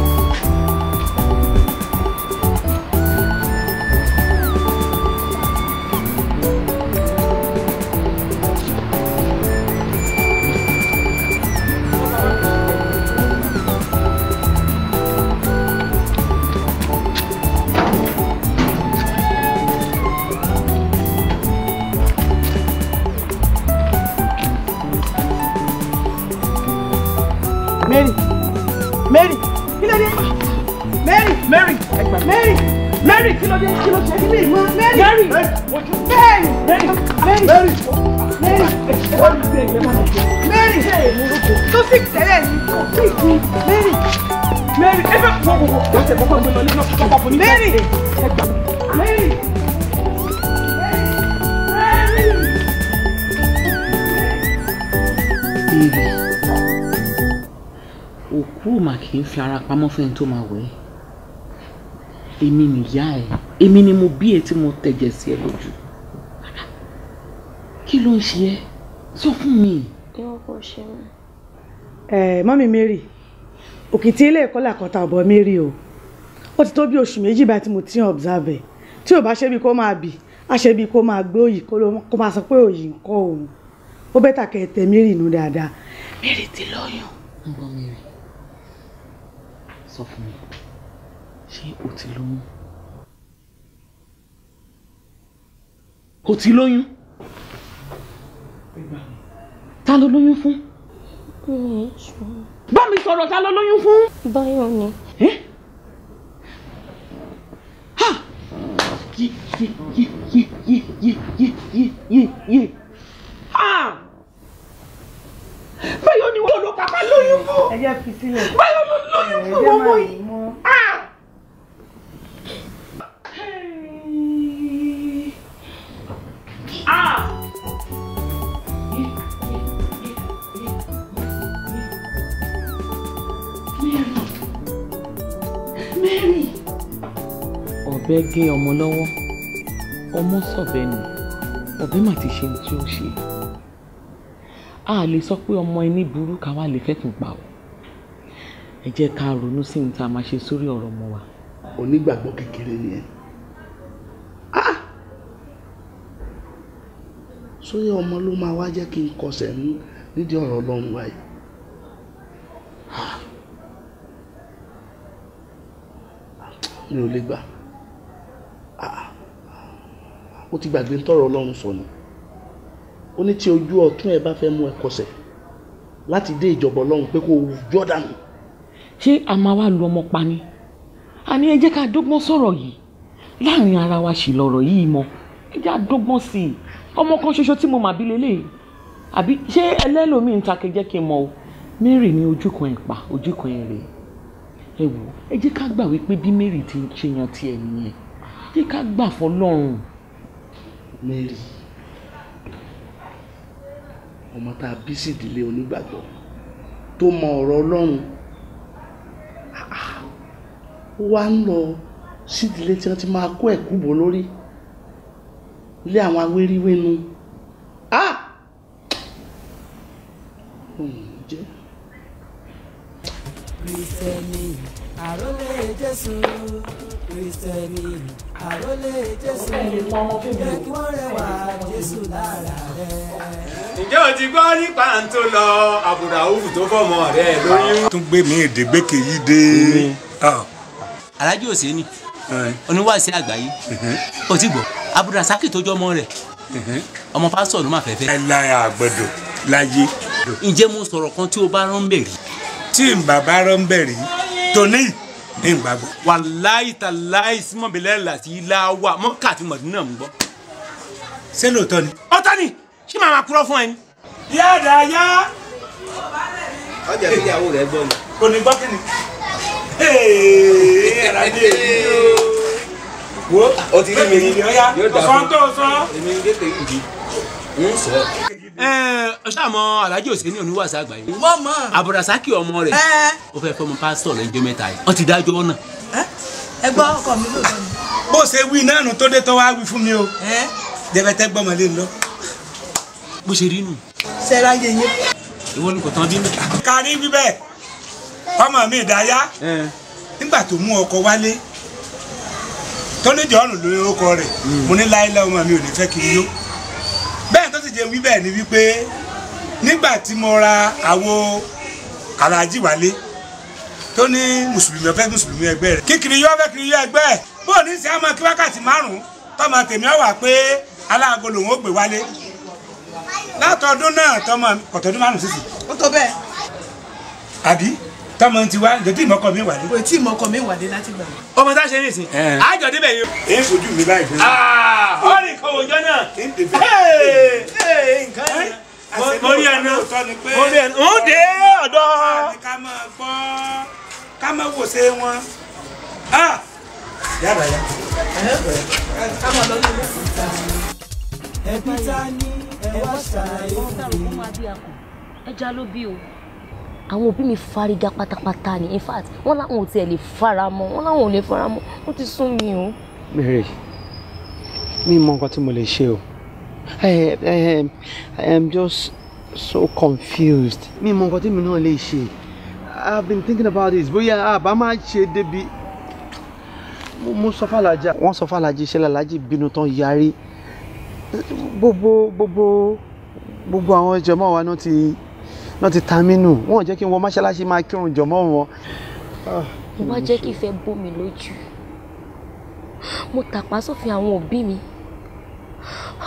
Mary kí ló dé kí ló ṣe nílé ìmọ̀ Mary Mary Mary Mary Mary Mary tó sì tẹ́lẹ̀ ní Mary Mary ẹ bẹ́ẹ̀ wọ́n wọ́n wọ́n ṣe kọ́kọ́ gbé lọ nínú ọ̀pọ̀ fún mi. Mary Mary. òkú mà kì í fi ara pamọ́ fẹ́ni tó máa wẹ̀ ẹ́ èmi nìyá ẹ èmi ni mo bí ẹ tí mo tẹ̀jẹ̀ sí ẹ lójú kí ló ń ṣe ẹ sọ fún mi. mọ́mí Mary òkìtì ilé ẹ̀kọ́ làkọ́ta ọ̀bọ Mary o ó ti tó bí oṣù méjì báyìí tí mo ti ń observe ẹ̀ tí ò bá ṣe bí kó máa bì á ṣe bí kó máa gbé òyì kó máa sọ pé òyì ń kọ́ òun ó bẹ́tà kẹ́ ẹ tẹ Mary nù dáadáa Mary ti lóyún. ń gbọ́ Mary sọ fún mi ṣé o ti lóyún? o ti lóyún? ta ló lóyún fún? bá mi sọ̀rọ̀ ta ló lóyún fún? báyọ̀ ni. yí yí yí yí yí yí yí yí yí yí ha báyọ̀ ni wọ́n lọ pàpà lóyún fún báyọ̀ ló lóyún fún ọmọ yìí. ọ̀bẹ gé ọmọ lọ́wọ́ ọmọ sọ̀bẹ nù ọ̀bẹ mà ti ṣe ohun tí ó ṣe a lè sọ pé ọmọ ẹni burú ká wá lè fẹ́kùn pa ọ́ ẹ jẹ́ ká ronú sí ohun tá a máa ṣe sórí ọ̀rọ̀ ọmọ wa. onígbàgbọ́ kékeré ni ẹ sóyè ọmọ ló máa wá jẹ́ kí n kọsẹ̀ nídìí ọ̀rọ̀ ọlọ́run wa yìí. mi ò lè gbà ó ti gbàgbé tọrọ Ọlọ́run sọ ni ó ní tí ojú ọ̀tún ẹ bá fẹ́ mú ẹ kọsẹ̀ láti dé ìjọba Ọlọ́run pé kó o jọ́ dànù. ṣé a máa wá lu ọmọ pa ni àní ẹ jẹ́ ká dọ́gbọ́n sọ̀rọ̀ yìí láàrin ara wa sì lọ̀rọ̀ yìí mọ́ ẹ jẹ́ àdọ́gbọ́n sí i ọmọ kan ṣoṣo tí mo mà bí lélẹ́yìí àbí ṣé ẹlẹ́lòmíì ta kẹjẹ́ kí n mọ o Mary ní ojú kan ẹ̀ pa ojú kan ẹ̀ rèé ẹ wò ẹ jẹ́ ká gbà wípé bí Mary ti ṣe yan tiẹ̀ nìyẹn jẹ́ ká gbà fọlọ́run Mary ọmọ tá a bí sí ìdílé onígbàgbọ́ tó mọ ọ̀rọ̀ Ọlọ́run ó wá ń lọ sí ìdílé tí wọ́n ti máa kó ẹ̀kúbọ̀ lórí ilé àwọn awéríwénu jẹ́. Kìrìtẹ́nì àrólé Jésù kristẹni àrólé jésù jẹ́ kí wọ́n rẹwà jésù lára rẹ̀. ǹjẹ́ o ti gbọ́ nípa n tó lọ àbùràwùfù tó fọmọ rẹ lóyún. tún gbé mi èdè gbèké yìí dé. Ah. alájọ òsè ni oníwàásí àgbáyé o ti gbọ́ abudasaki tó jọ ọmọ rẹ̀ ọmọ pásítọ̀ ló máa fẹ́ fẹ́. ẹ láyà àgbẹ̀dọ̀ láyé. ǹjẹ́ mo sọ̀rọ̀ kan tí o bá rán bẹ̀rì. tí n bàbá rán bẹ̀rì tòní ń gbàgbọ́. wàláyì tàláyì símọ̀bìlẹ̀ láti ilá wa mọ́kà àti mọ̀dúnà ń gbọ́. ṣé lóòótọ́ ni. ọ̀tọ̀ ni ṣé màá máa kúrọ́ fún ẹ ni. yáàdà yá. ọjà ìyàwó rẹ gbọ́ ni. kò ní gbọ́ kí ni. ẹ̀ẹ́dẹ̀ ẹ̀ẹ́dẹ̀ wo o ti rí mi rí yóò dà fún ọ̀sán tó sọ. èmi ń gé tèmi bíi ń sọ. ẹ ẹ ṣàmọ alhaji òsèlú oníwàsá àgbáyé. mọ́mọ́. àbùràsákì ọmọ rẹ̀. ẹ. ó fẹ́ fọmọ pásítọ̀ lẹ́jọ́ mẹ́ta yìí. wọ́n ti dájọ́ náà. ẹ gbọ́ ọkọ mi ló sọ ni. bó ṣe wí náà nù tó dé tó wá wí fún mi o. dẹbẹtẹ gbọmọ lé lọ. bó ṣe rí nù. sẹ́ra yẹ yẹ. ìwọ ni kò tán bí mi. kárí bíbẹ̀ ọmọ mi ìdáyà nígbà tó mú ọkọ wálé tó ní jọ́ọ̀nù lórí orúkọ rẹ̀ hmm. mo ní láyé lẹ́wọ̀n mi ò ní fẹ́ kiri yó bẹ́ẹ̀ tó sì jẹ́ wí bẹ́ẹ̀ ni wípé nígbà tí mo ra àwo aláàjì wálé tó ní mùsùlùmí ọ̀fẹ́ mùsùlùmí ẹgbẹ́ rẹ̀ kíkiri yọ ọ̀fẹ́ kiri yọ ẹgbẹ́ ẹ̀ bó ní sí àmọ́ kí wákàtí márùn-ún tọmọ tèmi ọ̀wà pé aláàgọ́ lòun ó gbé wálé látọdún náà tọmọ kọ̀tọ́dún márùn-ún sísè. ó tó bẹ́ẹ̀. àbí tọmọ ti wá jòtí ìmọ̀kọ mi wà dé. kò tí ìmọ̀kọ mi wà dé láti gbà. ọmọ tá a ṣe nìsín. àjọ débẹ̀ yìí. èyí fojú mi báyìí fún mi. ọ ah, ní kò wòjọ náà. nǹkan yẹn. mo rí ẹnu mo rí ẹnu ń dé ọ̀dọ́. ká máa gbọ́ ká máa wò ṣe wọn. Ah! yàrá yà. ká máa lọ nílé. ẹbí ta ni ẹ wá ṣàlàyé. ẹ já ló bí o àwọn òbí mi fárígá pátápátá ni in fact wọ́n láwọn ò tiẹ̀ lè fara mọ́ wọ́n láwọn ò lè fara mọ́ wọ́n ti sún mi o. mary mi mọ nǹkan tí mo lè ṣe o i am i am just so confused mi mọ nǹkan tí mi náà lè ṣe i have been thinking about this bóyá àbá máa ṣe débi mo sọ fàlàjà wọ́n sọ fàlàjì ìṣẹ̀lẹ̀ alájì bínú tán yarí gbogbo gbogbo gbogbo àwọn jẹmọ wa náà ti náà ti ta mí nù wọn ò jẹ́ kí n wọ mọ́ṣáláṣí máa kírun jọ̀mọ́ wọn. Ah. mo wá jẹ́ kí ìfẹ́ bò mí lójú mo tàpá sófin àwọn òbí mi.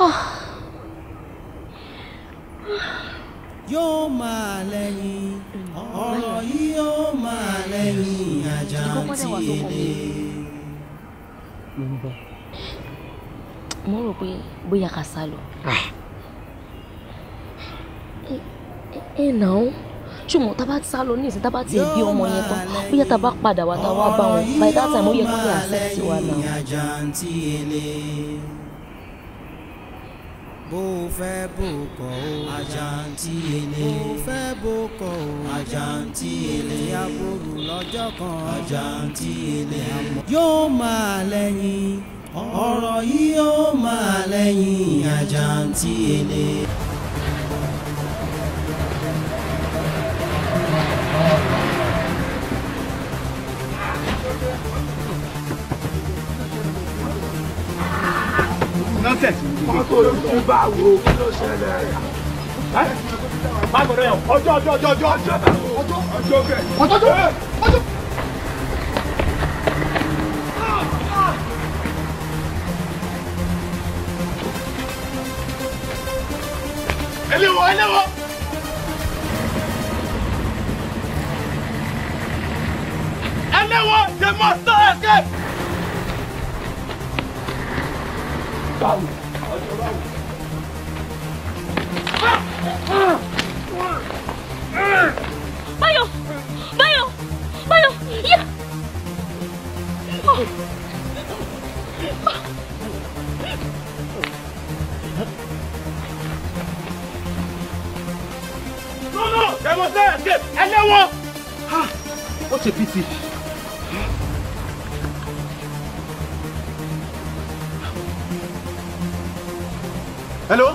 Ah. yóò máa lẹ́yìn ọ̀rọ̀ yìí yóò máa lẹ́yìn ajá àti èlé. mo rò pé bóyá ká sá lọ. Ah. ẹ nà ó ṣùgbọ́n tá a bá ti sá lọ ní ìsìn tá a bá ti bí ọmọ yẹn tán bóyá tá a bá padà wá tá a wá bá wọn by that time ó yẹ kí àṣẹ ti wà náà. bó o fẹ́ bó o kọ̀ o àjàǹtí ele bó fẹ́ bó kọ̀ o àjàǹtí ele aburú lọ́jọ́ kan àjàǹtí ele yóò máa lẹ́yìn ọ̀rọ̀ yìí yóò máa lẹ́yìn àjàǹtí ele. nonsense. mọ́tò olóògùn bá wo kí ló ṣẹlẹ̀. má gbọ́dọ̀ yàn ọjọ́ ọjọ́ ọjọ́ ọjọ́ ọjọ́ ọjọ́ ọjọ́ ọjọ́ ọjọ́. ẹlẹ́wọ̀ ẹlẹ́wọ̀. ẹlẹ́wọ̀ they must not escape. Demonstrate! Anyone! Ha! What's a pity? hello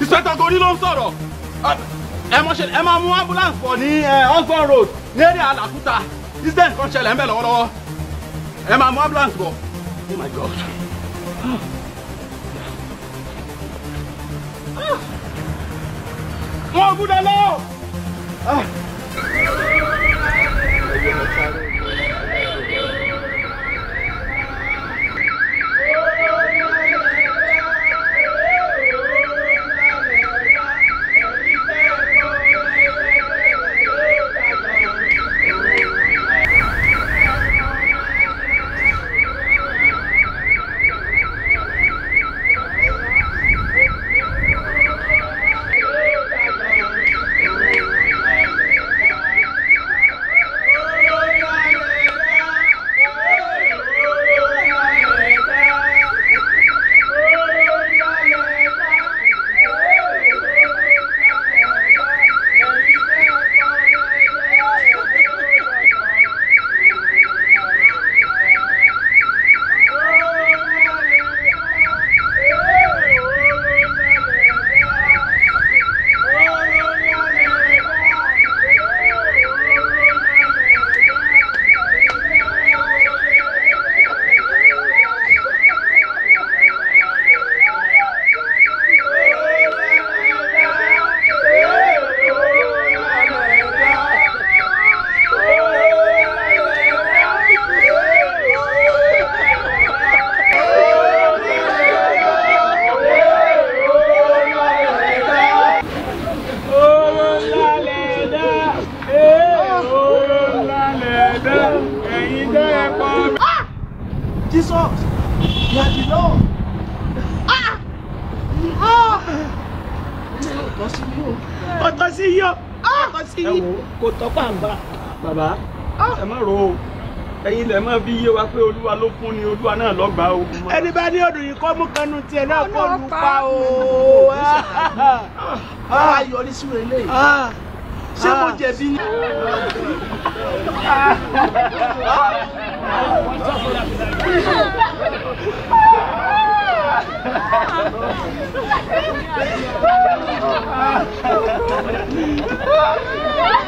inspector gori ló ń sọ̀rọ̀ ẹ mọ̀ ṣẹlẹ̀ ẹ máa mú ambulance bọ̀ ní osborn road ní area Is incident kan ṣẹlẹ̀ ń bẹ̀ lọ́wọ́lọ́wọ́ ẹ máa mú ambulance bọ̀ oh my god. wọ́n gúdọ̀ lọ́wọ́. Ah. máa fi yé wa pé olúwa ló fún ni olúwa náà lọ́gbà o. ẹni bá ní odò yìí kọ́ mú kanú tiẹ̀ náà kó lù pa o. ayọ̀ ní sùúrù eléyìí ṣé mo ah. jẹ̀bi ni. Ah!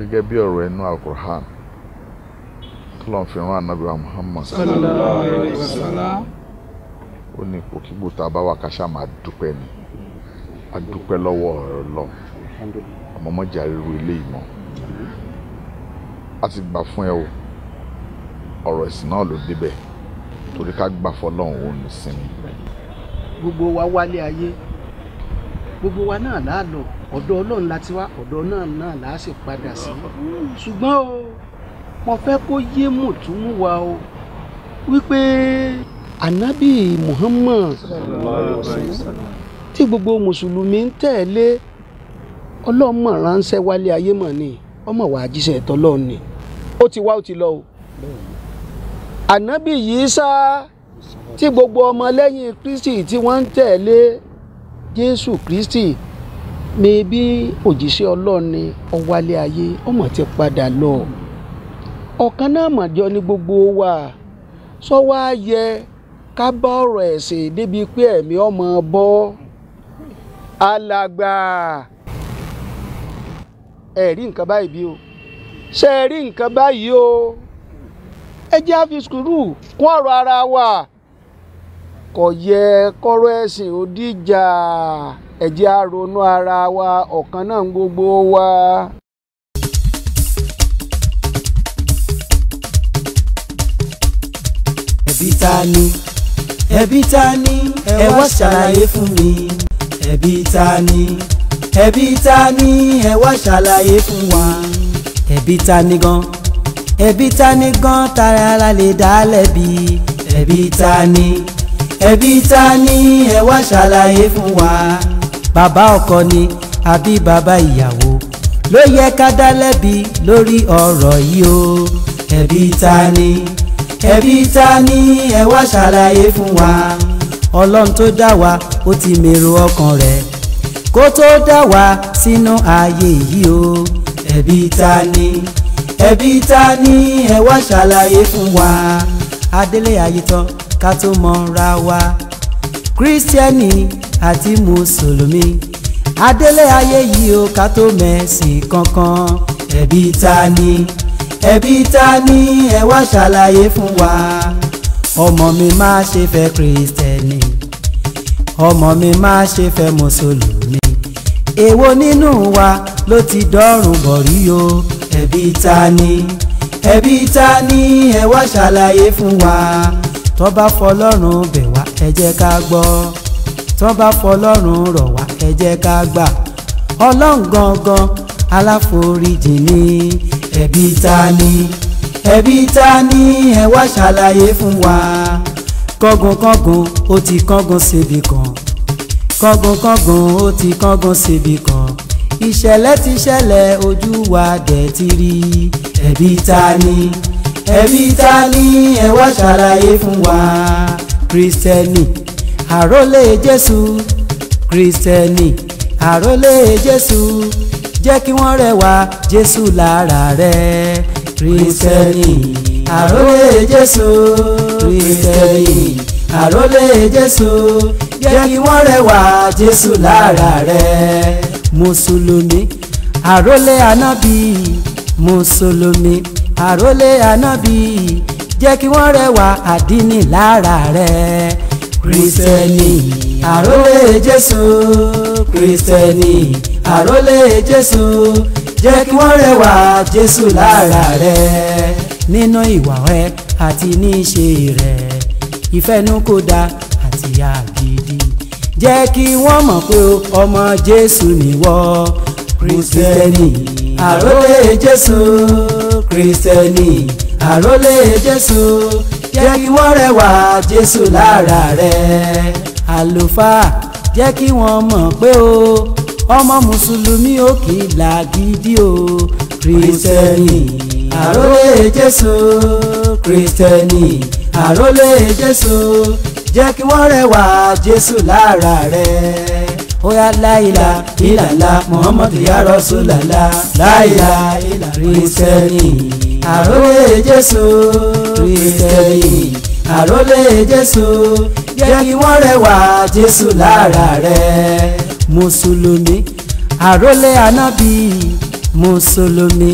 gẹ́gẹ́ bí ọ̀rọ̀ ẹnu alukur'an tọ́lọ̀ fi rán anabi wa muhammad sallallahu alayhi wa sallam ó ní ipòkígbò tá a bá wà ká máa dúpẹ́ ni a dúpẹ́ lọ́wọ́ ọ̀rọ̀ lọ àmọ́ mọ́jà ríru ilé ìmọ̀ a ti gbà fún ẹ o ọ̀rọ̀ ẹ̀sìn náà ló débẹ̀ torí ká gbà fọlọ́run òun ní sinmi. gbogbo wa wálé ayé gbogbo wa náà láàlọ́ ọ̀dọ̀ ọlọ́run la ti wá ọ̀dọ̀ náà náà là á sì padà sí ṣùgbọ́n o mo fẹ́ kó yé mùtúmùwà o wípé anabi muhammad tí gbogbo mùsùlùmí ń tẹ̀lé ọlọ́mọ ránṣẹ́ wálé ayé mọ̀ ni ọmọ wàá jíṣẹ́ tọ́lọ́ọ̀ ni ó ti wá ó ti lọ o anabi Ìsá tí gbogbo ọmọ lẹ́yìn kristi tí wọ́n ń tẹ̀lé jésù kristi ni bí òjíṣẹ́ ọlọ́ni ọwálé ayé ọmọ ti padà lọ ọ̀kan náà mọ̀jọ ní gbogbo wa sọ wá yẹ ká bá ọ̀rọ̀ ẹ̀sìn débi pé ẹ̀mí ọmọ bọ́ alàgbà ẹ̀ rí nǹkan báyìí bí o ṣe ẹ rí nǹkan báyìí o ẹ jẹ́ á fi sùúrù kún ọ̀rọ̀ ara wa kò yẹ kọ́rọ̀ ẹ̀sìn ò dìjà. ẹ jẹ́ á ronú ara wa ọ̀kan náà gbogbo wa. ẹbí ta ni ẹbí ta ni ẹ wá ṣàlàyé fún mi ẹbí ta ni ẹbí ta ni ẹ wá ṣàlàyé fún wa ẹbí ta ni gan ẹbí ta ni gan tara la lè dá lẹ́bi ẹbí ta ni ẹbí ta ni ẹ wá ṣàlàyé fún wa bàbá ọkọ ni àbí bàbá ìyàwó ló yẹ ká dá lẹ́bi lórí ọ̀rọ̀ yìí o ẹ̀bi ta ni ẹ̀bi ta ni ẹ wá ṣàlàyé fún wa ọlọ́run tó dá wa ó ti mèrò ọkàn rẹ̀ kó tó dá wa sínú ààyè yìí o ẹ̀bi ta ni ẹ̀bi ta ni ẹ wá ṣàlàyé fún wa adélé ayetọ ká tó mọra wa kírísítẹ́nì àti mùsùlùmí adélé ayé yìí ó ká tó mẹ́sìn kankan ẹ̀bi ta ni ẹ̀bi ta ni ẹ wá ṣàlàyé fún wa ọmọ mi má ṣe fẹ́ kristẹni ọmọ mi má ṣe fẹ́ mùsùlùmí èwo nínú wa ló ti dọ́rùn bọ̀ rí o ẹ̀bi ta ni ẹ̀bi ta ni ẹ wá ṣàlàyé fún wa tó bá fọlọ́run bẹ̀ wá ẹ jẹ́ ká gbọ́ tán bá fọlọ́run rọ̀ wá ẹ jẹ́ ká gbà ọlọ́run gangan aláforíjì ni ẹ̀bi ta ni ẹ̀bi ta ni ẹ wá ṣàlàyé fún wa kángankángan ó ti kángan síbi kan kángankángan ó ti kángan síbi kan ìṣẹ̀lẹ̀ ti ṣẹlẹ̀ ojú wa dẹ̀ ti rí ẹ̀bi ta ni ẹ̀bi ta ni ẹ wá ṣàlàyé fún wa kírísítẹ́nì àrólé jésù kristẹni àrólé jésù jẹ́ kí wọ́n rẹwà jésù lára rẹ kristẹni àrólé jésù kristẹni àrólé jésù jẹ́ kí wọ́n rẹwà jésù lára rẹ mùsùlùmí àrólé ànábì mùsùlùmí àrólé ànábì jẹ́ kí wọ́n rẹwà àdínì lára rẹ kristẹni àrólé jésù kristẹni àrólé jésù jẹ́ kí wọ́n rẹwà jésù lára rẹ nínú ìwà rẹ àti níṣe rẹ ìfẹnukódà àti àgídí jẹ́ kí wọ́n mọ̀ pé ọmọ jésù nìwọ kristẹni àrólé jésù kristẹni àrólé jésù jẹ́ kí wọ́n rẹwà Jésù lára rẹ̀ àlùfáà jẹ́ kí wọ́n mọ̀ pé o ọmọ mùsùlùmí ò kì í là gidi o kìrìsìtẹ́nì àrólé Jésù kìrìsìtẹ́nì àrólé Jésù jẹ́ kí wọ́n rẹwà Jésù lára rẹ̀ oya láìla ìlàlá muhammadu ya rasulala láìla ìlà kristẹni àròlé jésù. Kristẹni àrólé Jésù jẹ́ kí wọ́n rẹwà Jésù lára rẹ̀. Mùsùlùmí àrólé ànábì Mùsùlùmí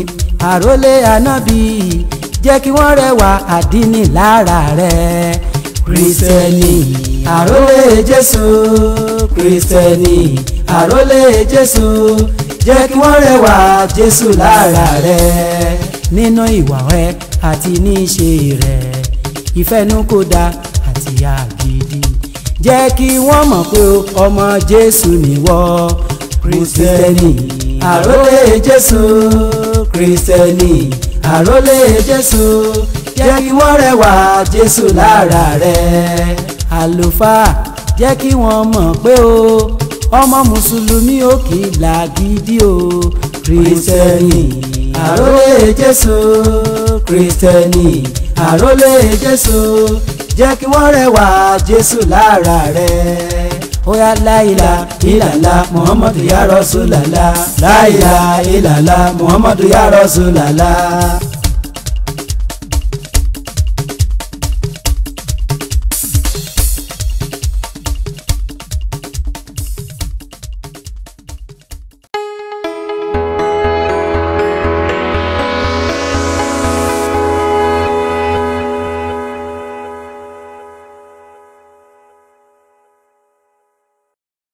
àrólé ànábì jẹ́ kí wọ́n rẹwà àdínì lára rẹ̀. Kristẹni àrólé Jésù Kristẹni àrólé Jésù jẹ́ kí wọ́n rẹwà Jésù lára rẹ̀ nínú ìwà rẹ àti níṣe rẹ ìfẹnukódà àti àgídí jẹ́ kí wọ́n mọ̀ pé ọmọ Jésù nìwọ kristẹni àrólé Jésù kristẹni àrólé Jésù jẹ́ kí wọ́n rẹwà Jésù lára rẹ àlùfáà jẹ́ kí wọ́n mọ̀ pé o ọmọ mùsùlùmí ò kì làgídí o kristẹni àrólé jésù kristẹni àrólé jésù jẹ́ kí wọ́n rẹwà jésù lára rẹ̀ oya láìla ìlàlá muhammadu ya rasulala láìla ìlàlá muhammadu ya rasulala.